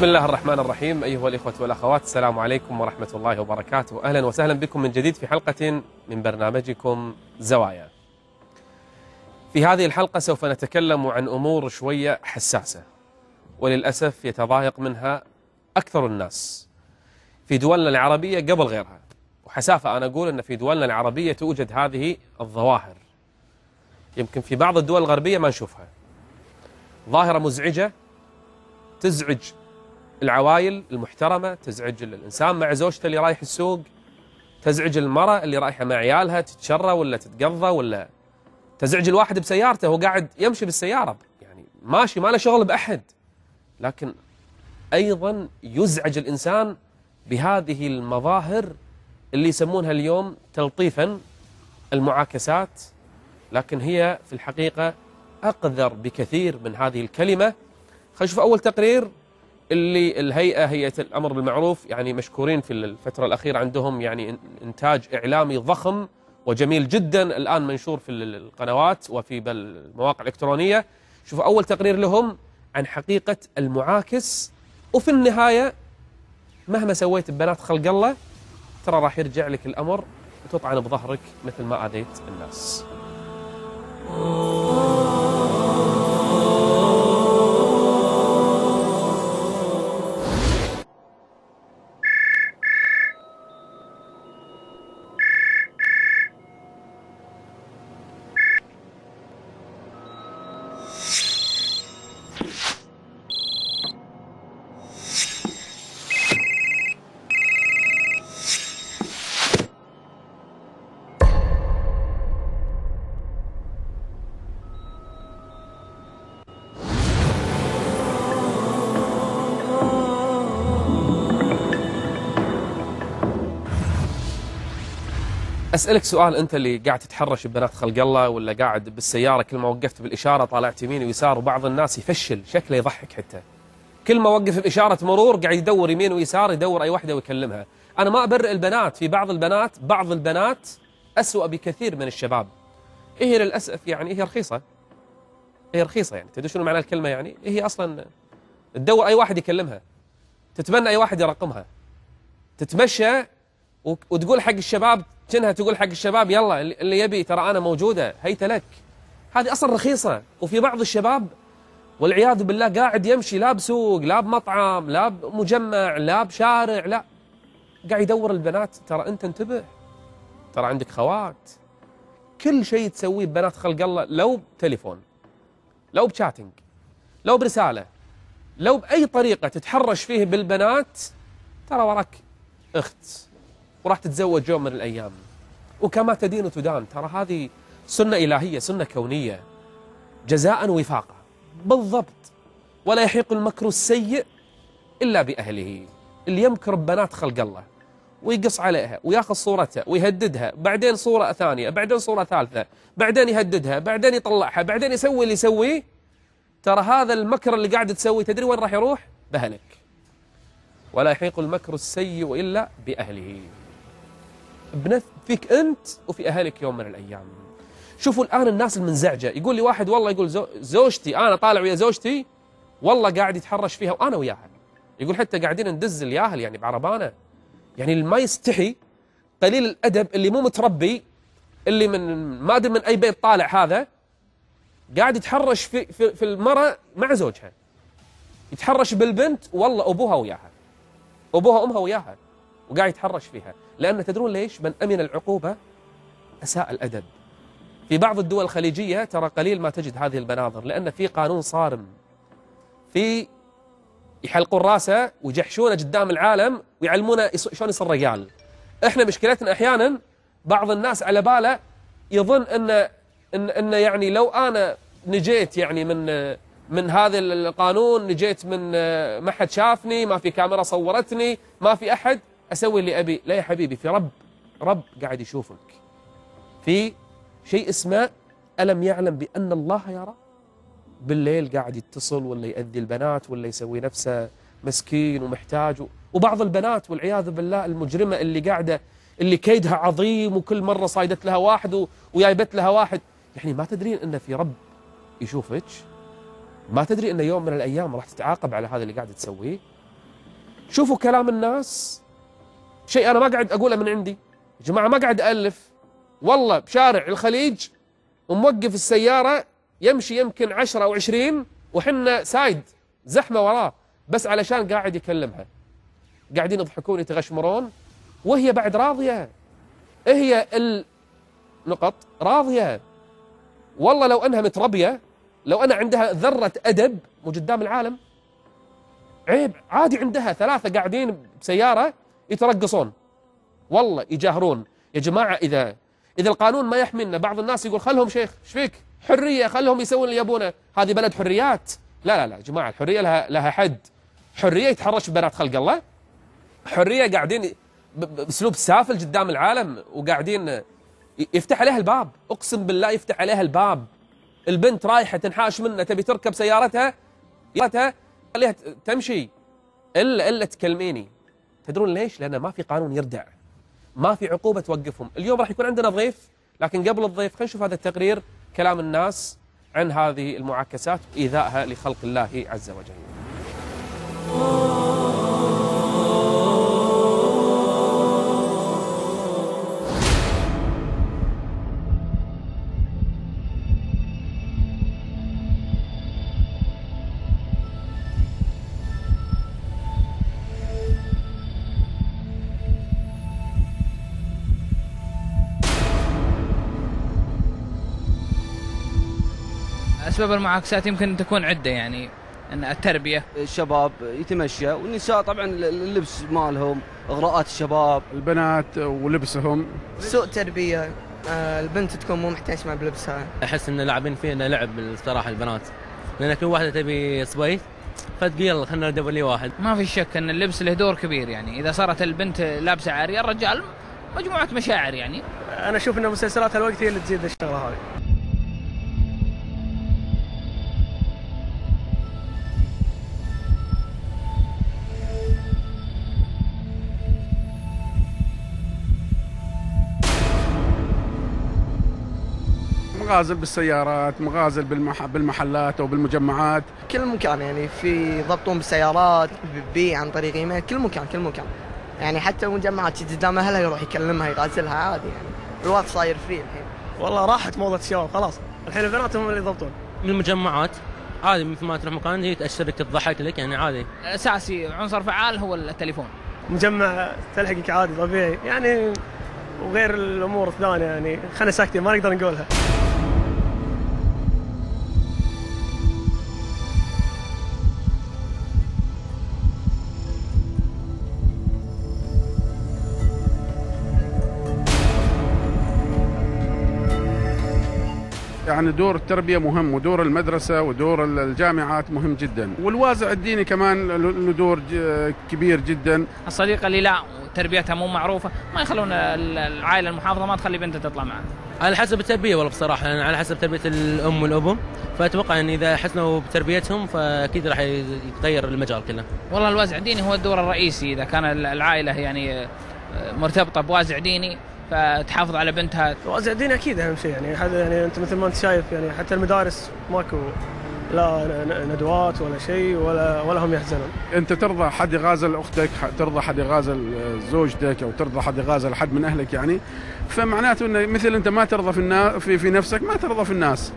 بسم الله الرحمن الرحيم أيها الإخوة والأخوات السلام عليكم ورحمة الله وبركاته أهلا وسهلا بكم من جديد في حلقة من برنامجكم زوايا في هذه الحلقة سوف نتكلم عن أمور شوية حساسة وللأسف يتضايق منها أكثر الناس في دولنا العربية قبل غيرها وحسافة أنا أقول أن في دولنا العربية توجد هذه الظواهر يمكن في بعض الدول الغربية ما نشوفها ظاهرة مزعجة تزعج العوائل المحترمه تزعج الانسان مع زوجته اللي رايح السوق تزعج المراه اللي رايحه مع عيالها تتشرى ولا تتقضى ولا تزعج الواحد بسيارته هو قاعد يمشي بالسياره يعني ماشي ما له شغل باحد لكن ايضا يزعج الانسان بهذه المظاهر اللي يسمونها اليوم تلطيفا المعاكسات لكن هي في الحقيقه اقذر بكثير من هذه الكلمه خلينا نشوف اول تقرير اللي الهيئة هيئة الأمر بالمعروف يعني مشكورين في الفترة الأخيرة عندهم يعني إنتاج إعلامي ضخم وجميل جدا الآن منشور في القنوات وفي المواقع الإلكترونية شوفوا أول تقرير لهم عن حقيقة المعاكس وفي النهاية مهما سويت ببنات خلق الله ترى راح يرجع لك الأمر وتطعن بظهرك مثل ما آذيت الناس اسالك سؤال انت اللي قاعد تتحرش ببنات خلق الله ولا قاعد بالسياره كل ما وقفت بالاشاره طالعت يمين ويسار وبعض الناس يفشل شكله يضحك حتى كل ما وقف باشاره مرور قاعد يدور يمين ويسار يدور اي وحده ويكلمها انا ما ابرئ البنات في بعض البنات بعض البنات اسوء بكثير من الشباب إيه هي للاسف يعني إيه هي رخيصه إيه هي إيه رخيصه يعني تدري شنو معنى الكلمه يعني هي اصلا تدور اي واحد يكلمها تتمنى اي واحد يرقمها تتمشى وتقول حق الشباب كأنها تقول حق الشباب يلا اللي يبي ترى أنا موجودة هيت لك هذه أصلا رخيصة وفي بعض الشباب والعياذ بالله قاعد يمشي لا بسوق لا بمطعم لا بمجمع لا بشارع لا قاعد يدور البنات ترى أنت انتبه ترى عندك خوات كل شيء تسويه ببنات خلق الله لو بتليفون لو بشاتنج لو برسالة لو بأي طريقة تتحرش فيه بالبنات ترى وراك أخت وراح تتزوج يوم من الأيام وكما تدين تدان ترى هذه سنة إلهية سنة كونية جزاء وفاقا بالضبط ولا يحيق المكر السيء إلا بأهله اللي يمكر ببنات خلق الله ويقص عليها وياخذ صورتها ويهددها بعدين صورة ثانية بعدين صورة ثالثة بعدين يهددها بعدين يطلعها بعدين يسوي اللي يسويه ترى هذا المكر اللي قاعد تسويه تدري وين راح يروح بهلك ولا يحيق المكر السيء إلا بأهله بنف فيك أنت وفي أهلك يوم من الأيام شوفوا الآن الناس المنزعجة يقول لي واحد والله يقول زوجتي أنا طالع ويا زوجتي والله قاعد يتحرش فيها وأنا وياها يقول حتى قاعدين ندز الياهل يعني بعربانة يعني اللي ما يستحي قليل الأدب اللي مو متربي اللي من ما أدري من أي بيت طالع هذا قاعد يتحرش في, في, في المرأة مع زوجها يتحرش بالبنت والله أبوها وياها أبوها أمها وياها وقاعد يتحرش فيها لأن تدرون ليش من أمن العقوبة أساء الأدب في بعض الدول الخليجية ترى قليل ما تجد هذه المناظر لأن في قانون صارم في يحلقون راسه ويجحشونه قدام العالم ويعلمونه شلون يصير رجال احنا مشكلتنا احيانا بعض الناس على باله يظن ان ان, إن يعني لو انا نجيت يعني من من هذا القانون نجيت من ما حد شافني ما في كاميرا صورتني ما في احد أسوي اللي أبي لا يا حبيبي في رب رب قاعد يشوفك في شيء اسمه ألم يعلم بأن الله يرى بالليل قاعد يتصل ولا يأذي البنات ولا يسوي نفسه مسكين ومحتاج وبعض البنات والعياذ بالله المجرمة اللي قاعدة اللي كيدها عظيم وكل مرة صايدت لها واحد ويايبت لها واحد يعني ما تدرين أن في رب يشوفك ما تدري أن يوم من الأيام راح تتعاقب على هذا اللي قاعد تسويه شوفوا كلام الناس شيء انا ما قاعد اقوله من عندي يا جماعه ما قاعد الف والله بشارع الخليج وموقف السياره يمشي يمكن 10 او 20 وحنا سايد زحمه وراه بس علشان قاعد يكلمها قاعدين يضحكون يتغشمرون وهي بعد راضيه هي النقط راضيه والله لو انها متربيه لو انا عندها ذره ادب قدام العالم عيب عادي عندها ثلاثه قاعدين بسياره يترقصون والله يجاهرون يا جماعة إذا إذا القانون ما يحملنا بعض الناس يقول خلهم شيخ ايش فيك حرية خلهم يسوون اللي يبونه هذه بلد حريات لا لا لا يا جماعة الحرية لها, لها حد حرية يتحرش ببنات خلق الله حرية قاعدين بأسلوب سافل قدام العالم وقاعدين يفتح عليها الباب أقسم بالله يفتح عليها الباب البنت رايحة تنحاش منه تبي تركب سيارتها خليها تمشي إلا إلا تكلميني تدرون ليش؟ لأن ما في قانون يردع ما في عقوبة توقفهم اليوم راح يكون عندنا ضيف لكن قبل الضيف خلينا نشوف هذا التقرير كلام الناس عن هذه المعاكسات وإيذائها لخلق الله عز وجل أسباب المعاكسات يمكن تكون عدة يعني أن التربية الشباب يتمشى والنساء طبعا اللبس مالهم إغراءات الشباب البنات ولبسهم سوء تربية آه، البنت تكون مو محتشمه ما بلبسها أحس أن اللاعبين فينا لعب الصراحة البنات لأن كل واحدة تبي صبي فتقول يلا خلينا ندور لي واحد ما في شك ان اللبس له دور كبير يعني اذا صارت البنت لابسه عاريه الرجال مجموعه مشاعر يعني انا اشوف ان مسلسلات الوقت هي اللي تزيد الشغله هذه مغازل بالسيارات مغازل بالمح... بالمحلات او بالمجمعات كل مكان يعني في ضبطون بالسيارات بي عن طريق ايميل كل مكان كل مكان يعني حتى المجمعات قدام اهلها يروح يكلمها يغازلها عادي يعني الوقت صاير فري الحين والله راحت موضه الشباب خلاص الحين البنات هم اللي يضبطون من المجمعات عادي مثل ما تروح مكان هي تاشر لك تضحك لك يعني عادي اساسي عنصر فعال هو التليفون مجمع تلحقك عادي طبيعي يعني وغير الامور الثانيه يعني خلينا ساكتين ما نقدر نقولها يعني دور التربية مهم ودور المدرسة ودور الجامعات مهم جدا والوازع الديني كمان له دور كبير جدا الصديقة اللي لا تربيتها مو معروفة ما يخلون العائلة المحافظة ما تخلي بنتها تطلع معها على حسب التربيه والله بصراحه يعني على حسب تربيه الام والابو فاتوقع ان اذا حسنوا بتربيتهم فاكيد راح يتغير المجال كله. والله الوازع الديني هو الدور الرئيسي اذا كان العائله يعني آه، مرتبطه بوازع ديني فتحافظ على بنتها وزع الدين اكيد اهم شيء يعني هذا يعني انت مثل ما انت شايف يعني حتى المدارس ماكو لا ندوات ولا شيء ولا ولا هم يحزنون. انت ترضى حد يغازل اختك، ترضى حد يغازل آه، زوجتك او ترضى حد يغازل حد من اهلك يعني فمعناته انه مثل انت ما ترضى في في في نفسك ما ترضى في الناس.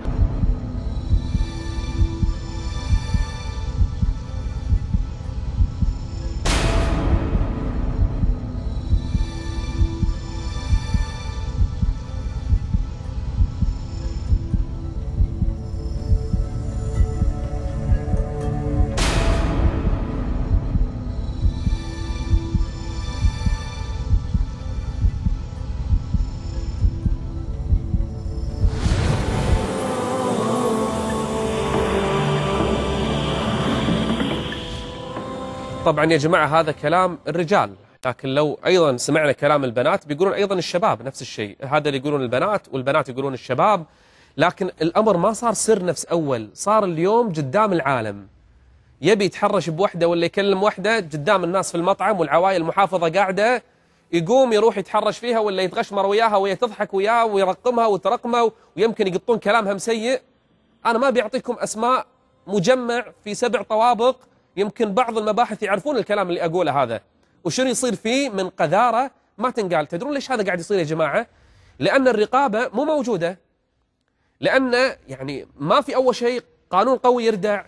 طبعا يا جماعة هذا كلام الرجال لكن لو أيضا سمعنا كلام البنات بيقولون أيضا الشباب نفس الشيء هذا اللي يقولون البنات والبنات يقولون الشباب لكن الأمر ما صار سر نفس أول صار اليوم قدام العالم يبي يتحرش بوحده ولا يكلم وحده قدام الناس في المطعم والعوائل المحافظة قاعدة يقوم يروح يتحرش فيها ولا يتغشمر وياها وهي تضحك وياه ويرقمها وترقمه ويمكن يقطون كلامهم سيء أنا ما بيعطيكم أسماء مجمع في سبع طوابق يمكن بعض المباحث يعرفون الكلام اللي أقوله هذا وشنو يصير فيه من قذارة ما تنقال تدرون ليش هذا قاعد يصير يا جماعة لأن الرقابة مو موجودة لأن يعني ما في أول شيء قانون قوي يردع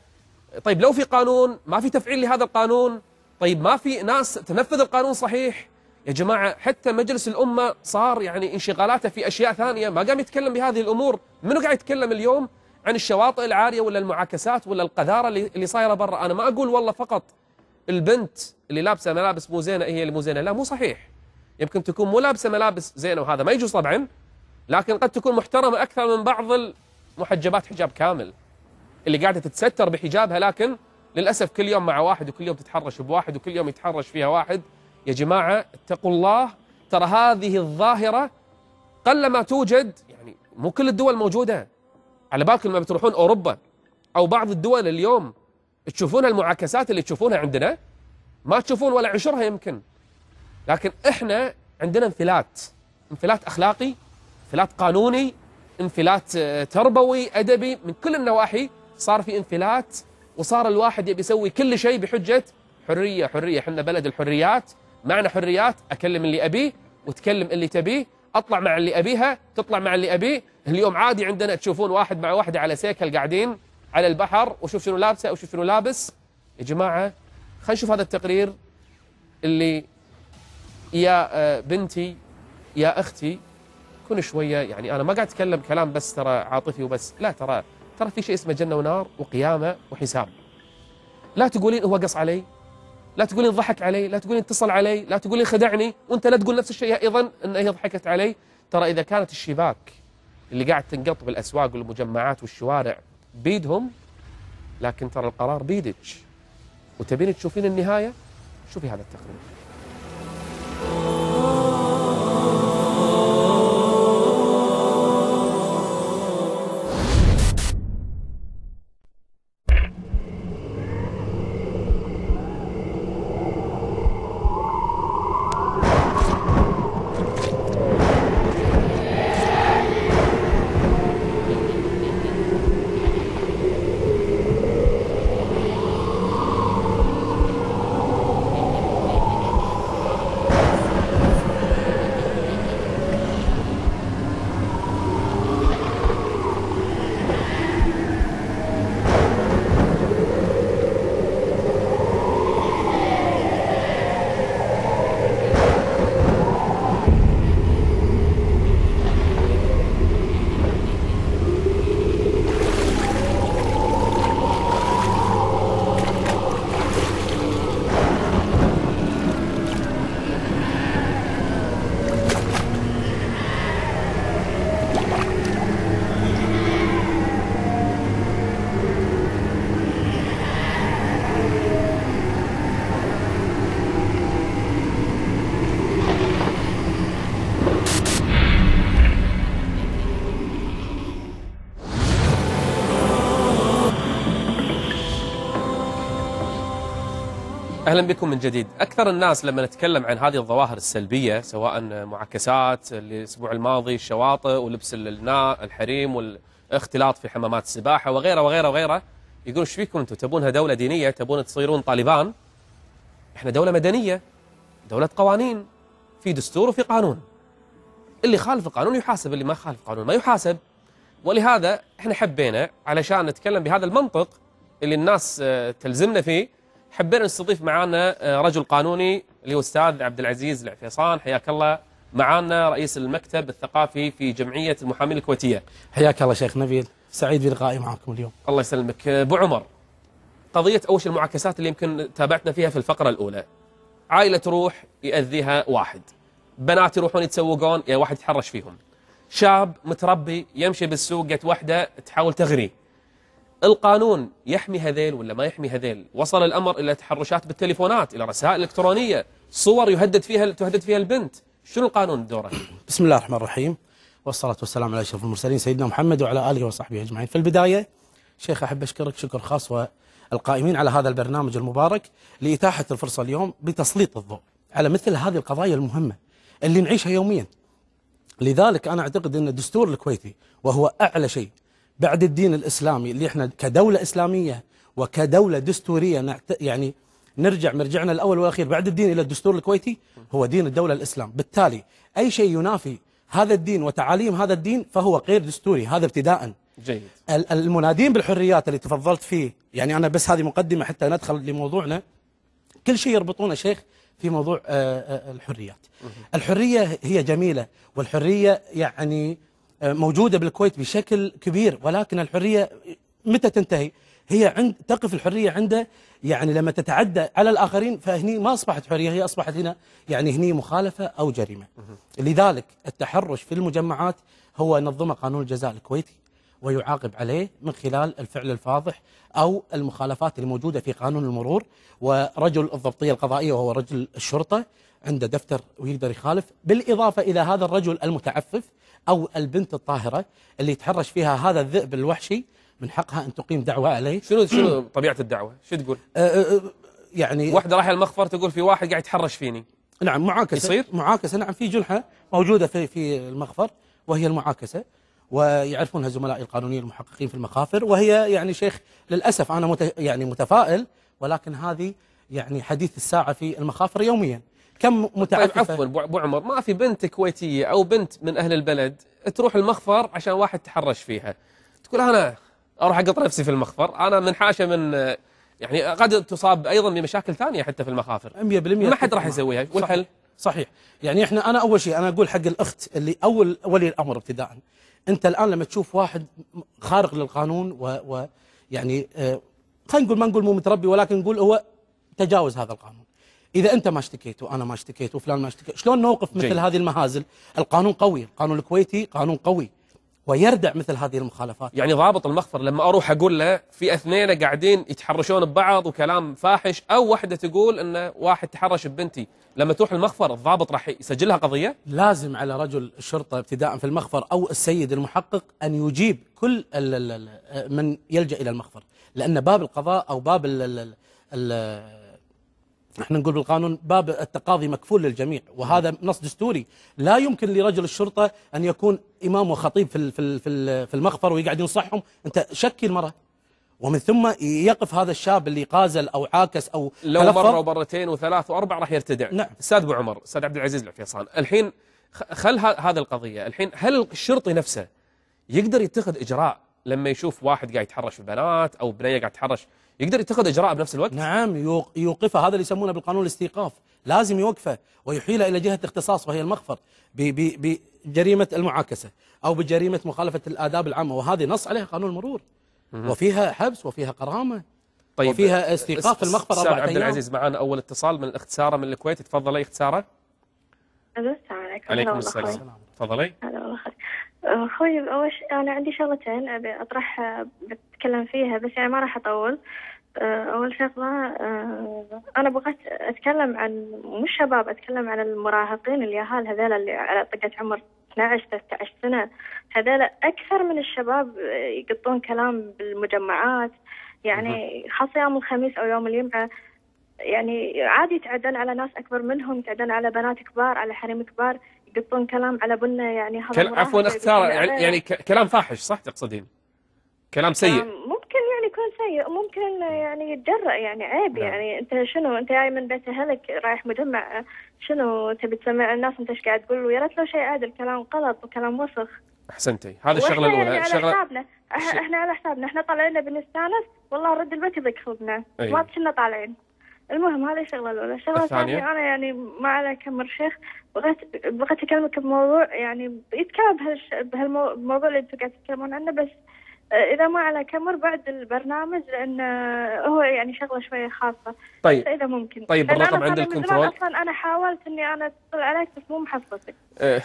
طيب لو في قانون ما في تفعيل لهذا القانون طيب ما في ناس تنفذ القانون صحيح يا جماعة حتى مجلس الأمة صار يعني انشغالاته في أشياء ثانية ما قام يتكلم بهذه الأمور منو قاعد يتكلم اليوم عن الشواطئ العارية ولا المعاكسات ولا القذارة اللي صايرة برا أنا ما أقول والله فقط البنت اللي لابسة ملابس مو زينة هي اللي مو زينة لا مو صحيح يمكن تكون مو لابسة ملابس زينة وهذا ما يجوز طبعا لكن قد تكون محترمة أكثر من بعض المحجبات حجاب كامل اللي قاعدة تتستر بحجابها لكن للأسف كل يوم مع واحد وكل يوم تتحرش بواحد وكل يوم يتحرش فيها واحد يا جماعة اتقوا الله ترى هذه الظاهرة قلما توجد يعني مو كل الدول موجودة على بالكم لما بتروحون اوروبا او بعض الدول اليوم تشوفون المعاكسات اللي تشوفونها عندنا ما تشوفون ولا عشرها يمكن لكن احنا عندنا انفلات انفلات اخلاقي انفلات قانوني انفلات آه، تربوي ادبي من كل النواحي صار في انفلات وصار الواحد يبي يسوي كل شيء بحجه حريه حريه احنا بلد الحريات معنى حريات اكلم اللي ابيه وتكلم اللي تبيه اطلع مع اللي ابيها تطلع مع اللي ابيه اليوم عادي عندنا تشوفون واحد مع واحده على سيكل قاعدين على البحر وشوف شنو لابسه وشوف شنو لابس يا جماعه خلينا نشوف هذا التقرير اللي يا آه، بنتي يا اختي كن شويه يعني انا ما قاعد اتكلم كلام بس ترى عاطفي وبس لا ترى ترى في شيء اسمه جنه ونار وقيامه وحساب لا تقولين هو قص علي لا تقولين ضحك علي لا تقولين اتصل علي لا تقولين خدعني وانت لا تقول نفس الشيء ايضا ان هي ضحكت علي ترى اذا كانت الشباك اللي قاعد تنقط بالاسواق والمجمعات والشوارع بيدهم لكن ترى القرار بيدك وتبين تشوفين النهايه شوفي هذا التقرير أهلا بكم من جديد أكثر الناس لما نتكلم عن هذه الظواهر السلبية سواء معكسات الأسبوع الماضي الشواطئ ولبس الناء الحريم والاختلاط في حمامات السباحة وغيره وغيره وغيره يقولون ايش فيكم أنتم تبونها دولة دينية تبون تصيرون طالبان إحنا دولة مدنية دولة قوانين في دستور وفي قانون اللي خالف القانون يحاسب اللي ما خالف القانون ما يحاسب ولهذا إحنا حبينا علشان نتكلم بهذا المنطق اللي الناس آه، تلزمنا فيه حبينا نستضيف معنا آه، رجل قانوني اللي هو الاستاذ عبد العزيز العفيصان حياك الله معنا رئيس المكتب الثقافي في جمعيه المحامين الكويتيه. حياك الله شيخ نبيل، سعيد بلقائي معكم اليوم. الله يسلمك، آه، ابو عمر قضيه اول شيء المعاكسات اللي يمكن تابعتنا فيها في الفقره الاولى. عائله تروح ياذيها واحد. بنات يروحون يتسوقون يا واحد يتحرش فيهم. شاب متربي يمشي بالسوق جت واحده تحاول تغريه. القانون يحمي هذيل ولا ما يحمي هذيل وصل الأمر إلى تحرشات بالتليفونات إلى رسائل إلكترونية صور يهدد فيها تهدد فيها البنت شنو القانون دوره بسم الله الرحمن الرحيم والصلاة والسلام على أشرف المرسلين سيدنا محمد وعلى آله وصحبه أجمعين في البداية شيخ أحب أشكرك شكر خاص والقائمين على هذا البرنامج المبارك لإتاحة الفرصة اليوم بتسليط الضوء على مثل هذه القضايا المهمة اللي نعيشها يوميا لذلك أنا أعتقد أن الدستور الكويتي وهو أعلى شيء بعد الدين الإسلامي اللي احنا كدولة إسلامية وكدولة دستورية يعني نرجع مرجعنا الأول والأخير بعد الدين إلى الدستور الكويتي هو دين الدولة الإسلام بالتالي أي شيء ينافي هذا الدين وتعاليم هذا الدين فهو غير دستوري هذا ابتداء جيد المنادين بالحريات اللي تفضلت فيه يعني أنا بس هذه مقدمة حتى ندخل لموضوعنا كل شيء يربطونه شيخ في موضوع آه، آه، الحريات الحرية هي جميلة والحرية يعني آه، موجودة بالكويت بشكل كبير ولكن الحرية متى تنتهي هي عند تقف الحرية عنده يعني لما تتعدى على الآخرين فهني ما أصبحت حرية هي أصبحت هنا يعني هني مخالفة أو جريمة لذلك التحرش في المجمعات هو نظمه قانون الجزاء الكويتي ويعاقب عليه من خلال الفعل الفاضح أو المخالفات الموجودة في قانون المرور ورجل الضبطية القضائية وهو رجل الشرطة عنده دفتر ويقدر يخالف بالإضافة إلى هذا الرجل المتعفف أو البنت الطاهرة اللي يتحرش فيها هذا الذئب الوحشي من حقها أن تقيم دعوة عليه شنو شنو طبيعة الدعوة؟ شو تقول؟ أه،, أه،, أه يعني واحدة رايحة المخفر تقول في واحد قاعد يتحرش فيني نعم معاكسة يصير؟ معاكسة نعم في جنحة موجودة في في المخفر وهي المعاكسة ويعرفونها زملائي القانونيين المحققين في المخافر وهي يعني شيخ للأسف أنا مت يعني متفائل ولكن هذه يعني حديث الساعة في المخافر يوميا كم متعففة طيب عفوا ابو عمر ما في بنت كويتيه او بنت من اهل البلد تروح المخفر عشان واحد تحرش فيها تقول انا اروح اقط نفسي في المخفر انا منحاشه من يعني قد تصاب ايضا بمشاكل ثانيه حتى في المخافر 100% ما حد راح يسويها والحل صحيح. صحيح يعني احنا انا اول شيء انا اقول حق الاخت اللي اول ولي الامر ابتداء انت الان لما تشوف واحد خارق للقانون و, و يعني آه، خلينا نقول ما نقول مو متربي ولكن نقول هو تجاوز هذا القانون اذا انت ما اشتكيت وانا ما اشتكيت وفلان ما اشتكيت شلون نوقف مثل هذه المهازل القانون قوي القانون الكويتي قانون قوي ويردع مثل هذه المخالفات يعني ضابط المخفر لما اروح اقول له في اثنين قاعدين يتحرشون ببعض وكلام فاحش او واحده تقول ان واحد تحرش ببنتي لما تروح المخفر الضابط راح يسجلها قضيه لازم على رجل الشرطه ابتداء في المخفر او السيد المحقق ان يجيب كل من يلجا الى المخفر لان باب القضاء او باب احنا نقول بالقانون باب التقاضي مكفول للجميع وهذا نص دستوري لا يمكن لرجل الشرطه ان يكون امام وخطيب في في في المخفر ويقعد ينصحهم انت شكي المراه ومن ثم يقف هذا الشاب اللي قازل او عاكس او لو مره ومرتين وثلاث واربع راح يرتدع نعم استاذ ابو عمر استاذ عبد العزيز العفيصان الحين خل هذا القضيه الحين هل الشرطي نفسه يقدر يتخذ اجراء لما يشوف واحد قاعد يتحرش ببنات او بنيه قاعد تتحرش يقدر يتخذ إجراء بنفس الوقت نعم يوقفه هذا اللي يسمونه بالقانون الاستيقاف لازم يوقفه ويحيله إلى جهة اختصاص وهي المخفر بجريمة المعاكسة أو بجريمة مخالفة الآداب العامة وهذه نص عليها قانون المرور وفيها حبس وفيها قرامه طيب وفيها استيقاف المخفر اربع عبد العزيز معنا أول اتصال من ساره من الكويت تفضلي اخت ساره السلام عليكم وعليكم السلام تفضلي هلا والله اخوي أول أنا عندي شغلتين أبي أطرحها أه، بتكلم فيها بس يعني ما راح أطول أه، أول شغلة أه، أنا بغيت أتكلم عن مش شباب أتكلم عن المراهقين اليهال هذول اللي على طقة عمر 12 13 سنة هذول أكثر من الشباب يقطون كلام بالمجمعات يعني خاصة يوم الخميس أو يوم الجمعة يعني عادي يتعدل على ناس أكبر منهم يتعدل على بنات كبار على حريم كبار يقطون كلام على بنا يعني كل... عفوا اختار يعني, يعني كلام فاحش صح تقصدين؟ كلام سيء آه، ممكن يعني يكون سيء ممكن يعني يتجرأ يعني عيب لا. نعم. يعني انت شنو انت جاي من بيت اهلك رايح مجمع شنو تبي تسمع الناس انت ايش قاعد تقول ويا ريت لو شيء عادل كلام غلط وكلام وسخ احسنتي هذه الشغله الاولى يعني الشغله على حسابنا احنا على حسابنا احنا طالعين بنستانس والله رد البيت يضيق خلقنا أيوه. ما كنا طالعين المهم هذه الشغله الاولى، الشغله الثانيه انا يعني ما على كمر شيخ بغيت بغيت اكلمك بموضوع يعني يتكلم بهالش بهالموضوع اللي انتم قاعد تتكلمون عنه بس آه، اذا ما على كمر بعد البرنامج لان آه، هو يعني شغله شويه خاصه طيب اذا ممكن طيب الرقم عند الكنترول اصلا انا حاولت اني انا اتصل عليك بس مو محصلتك إيه.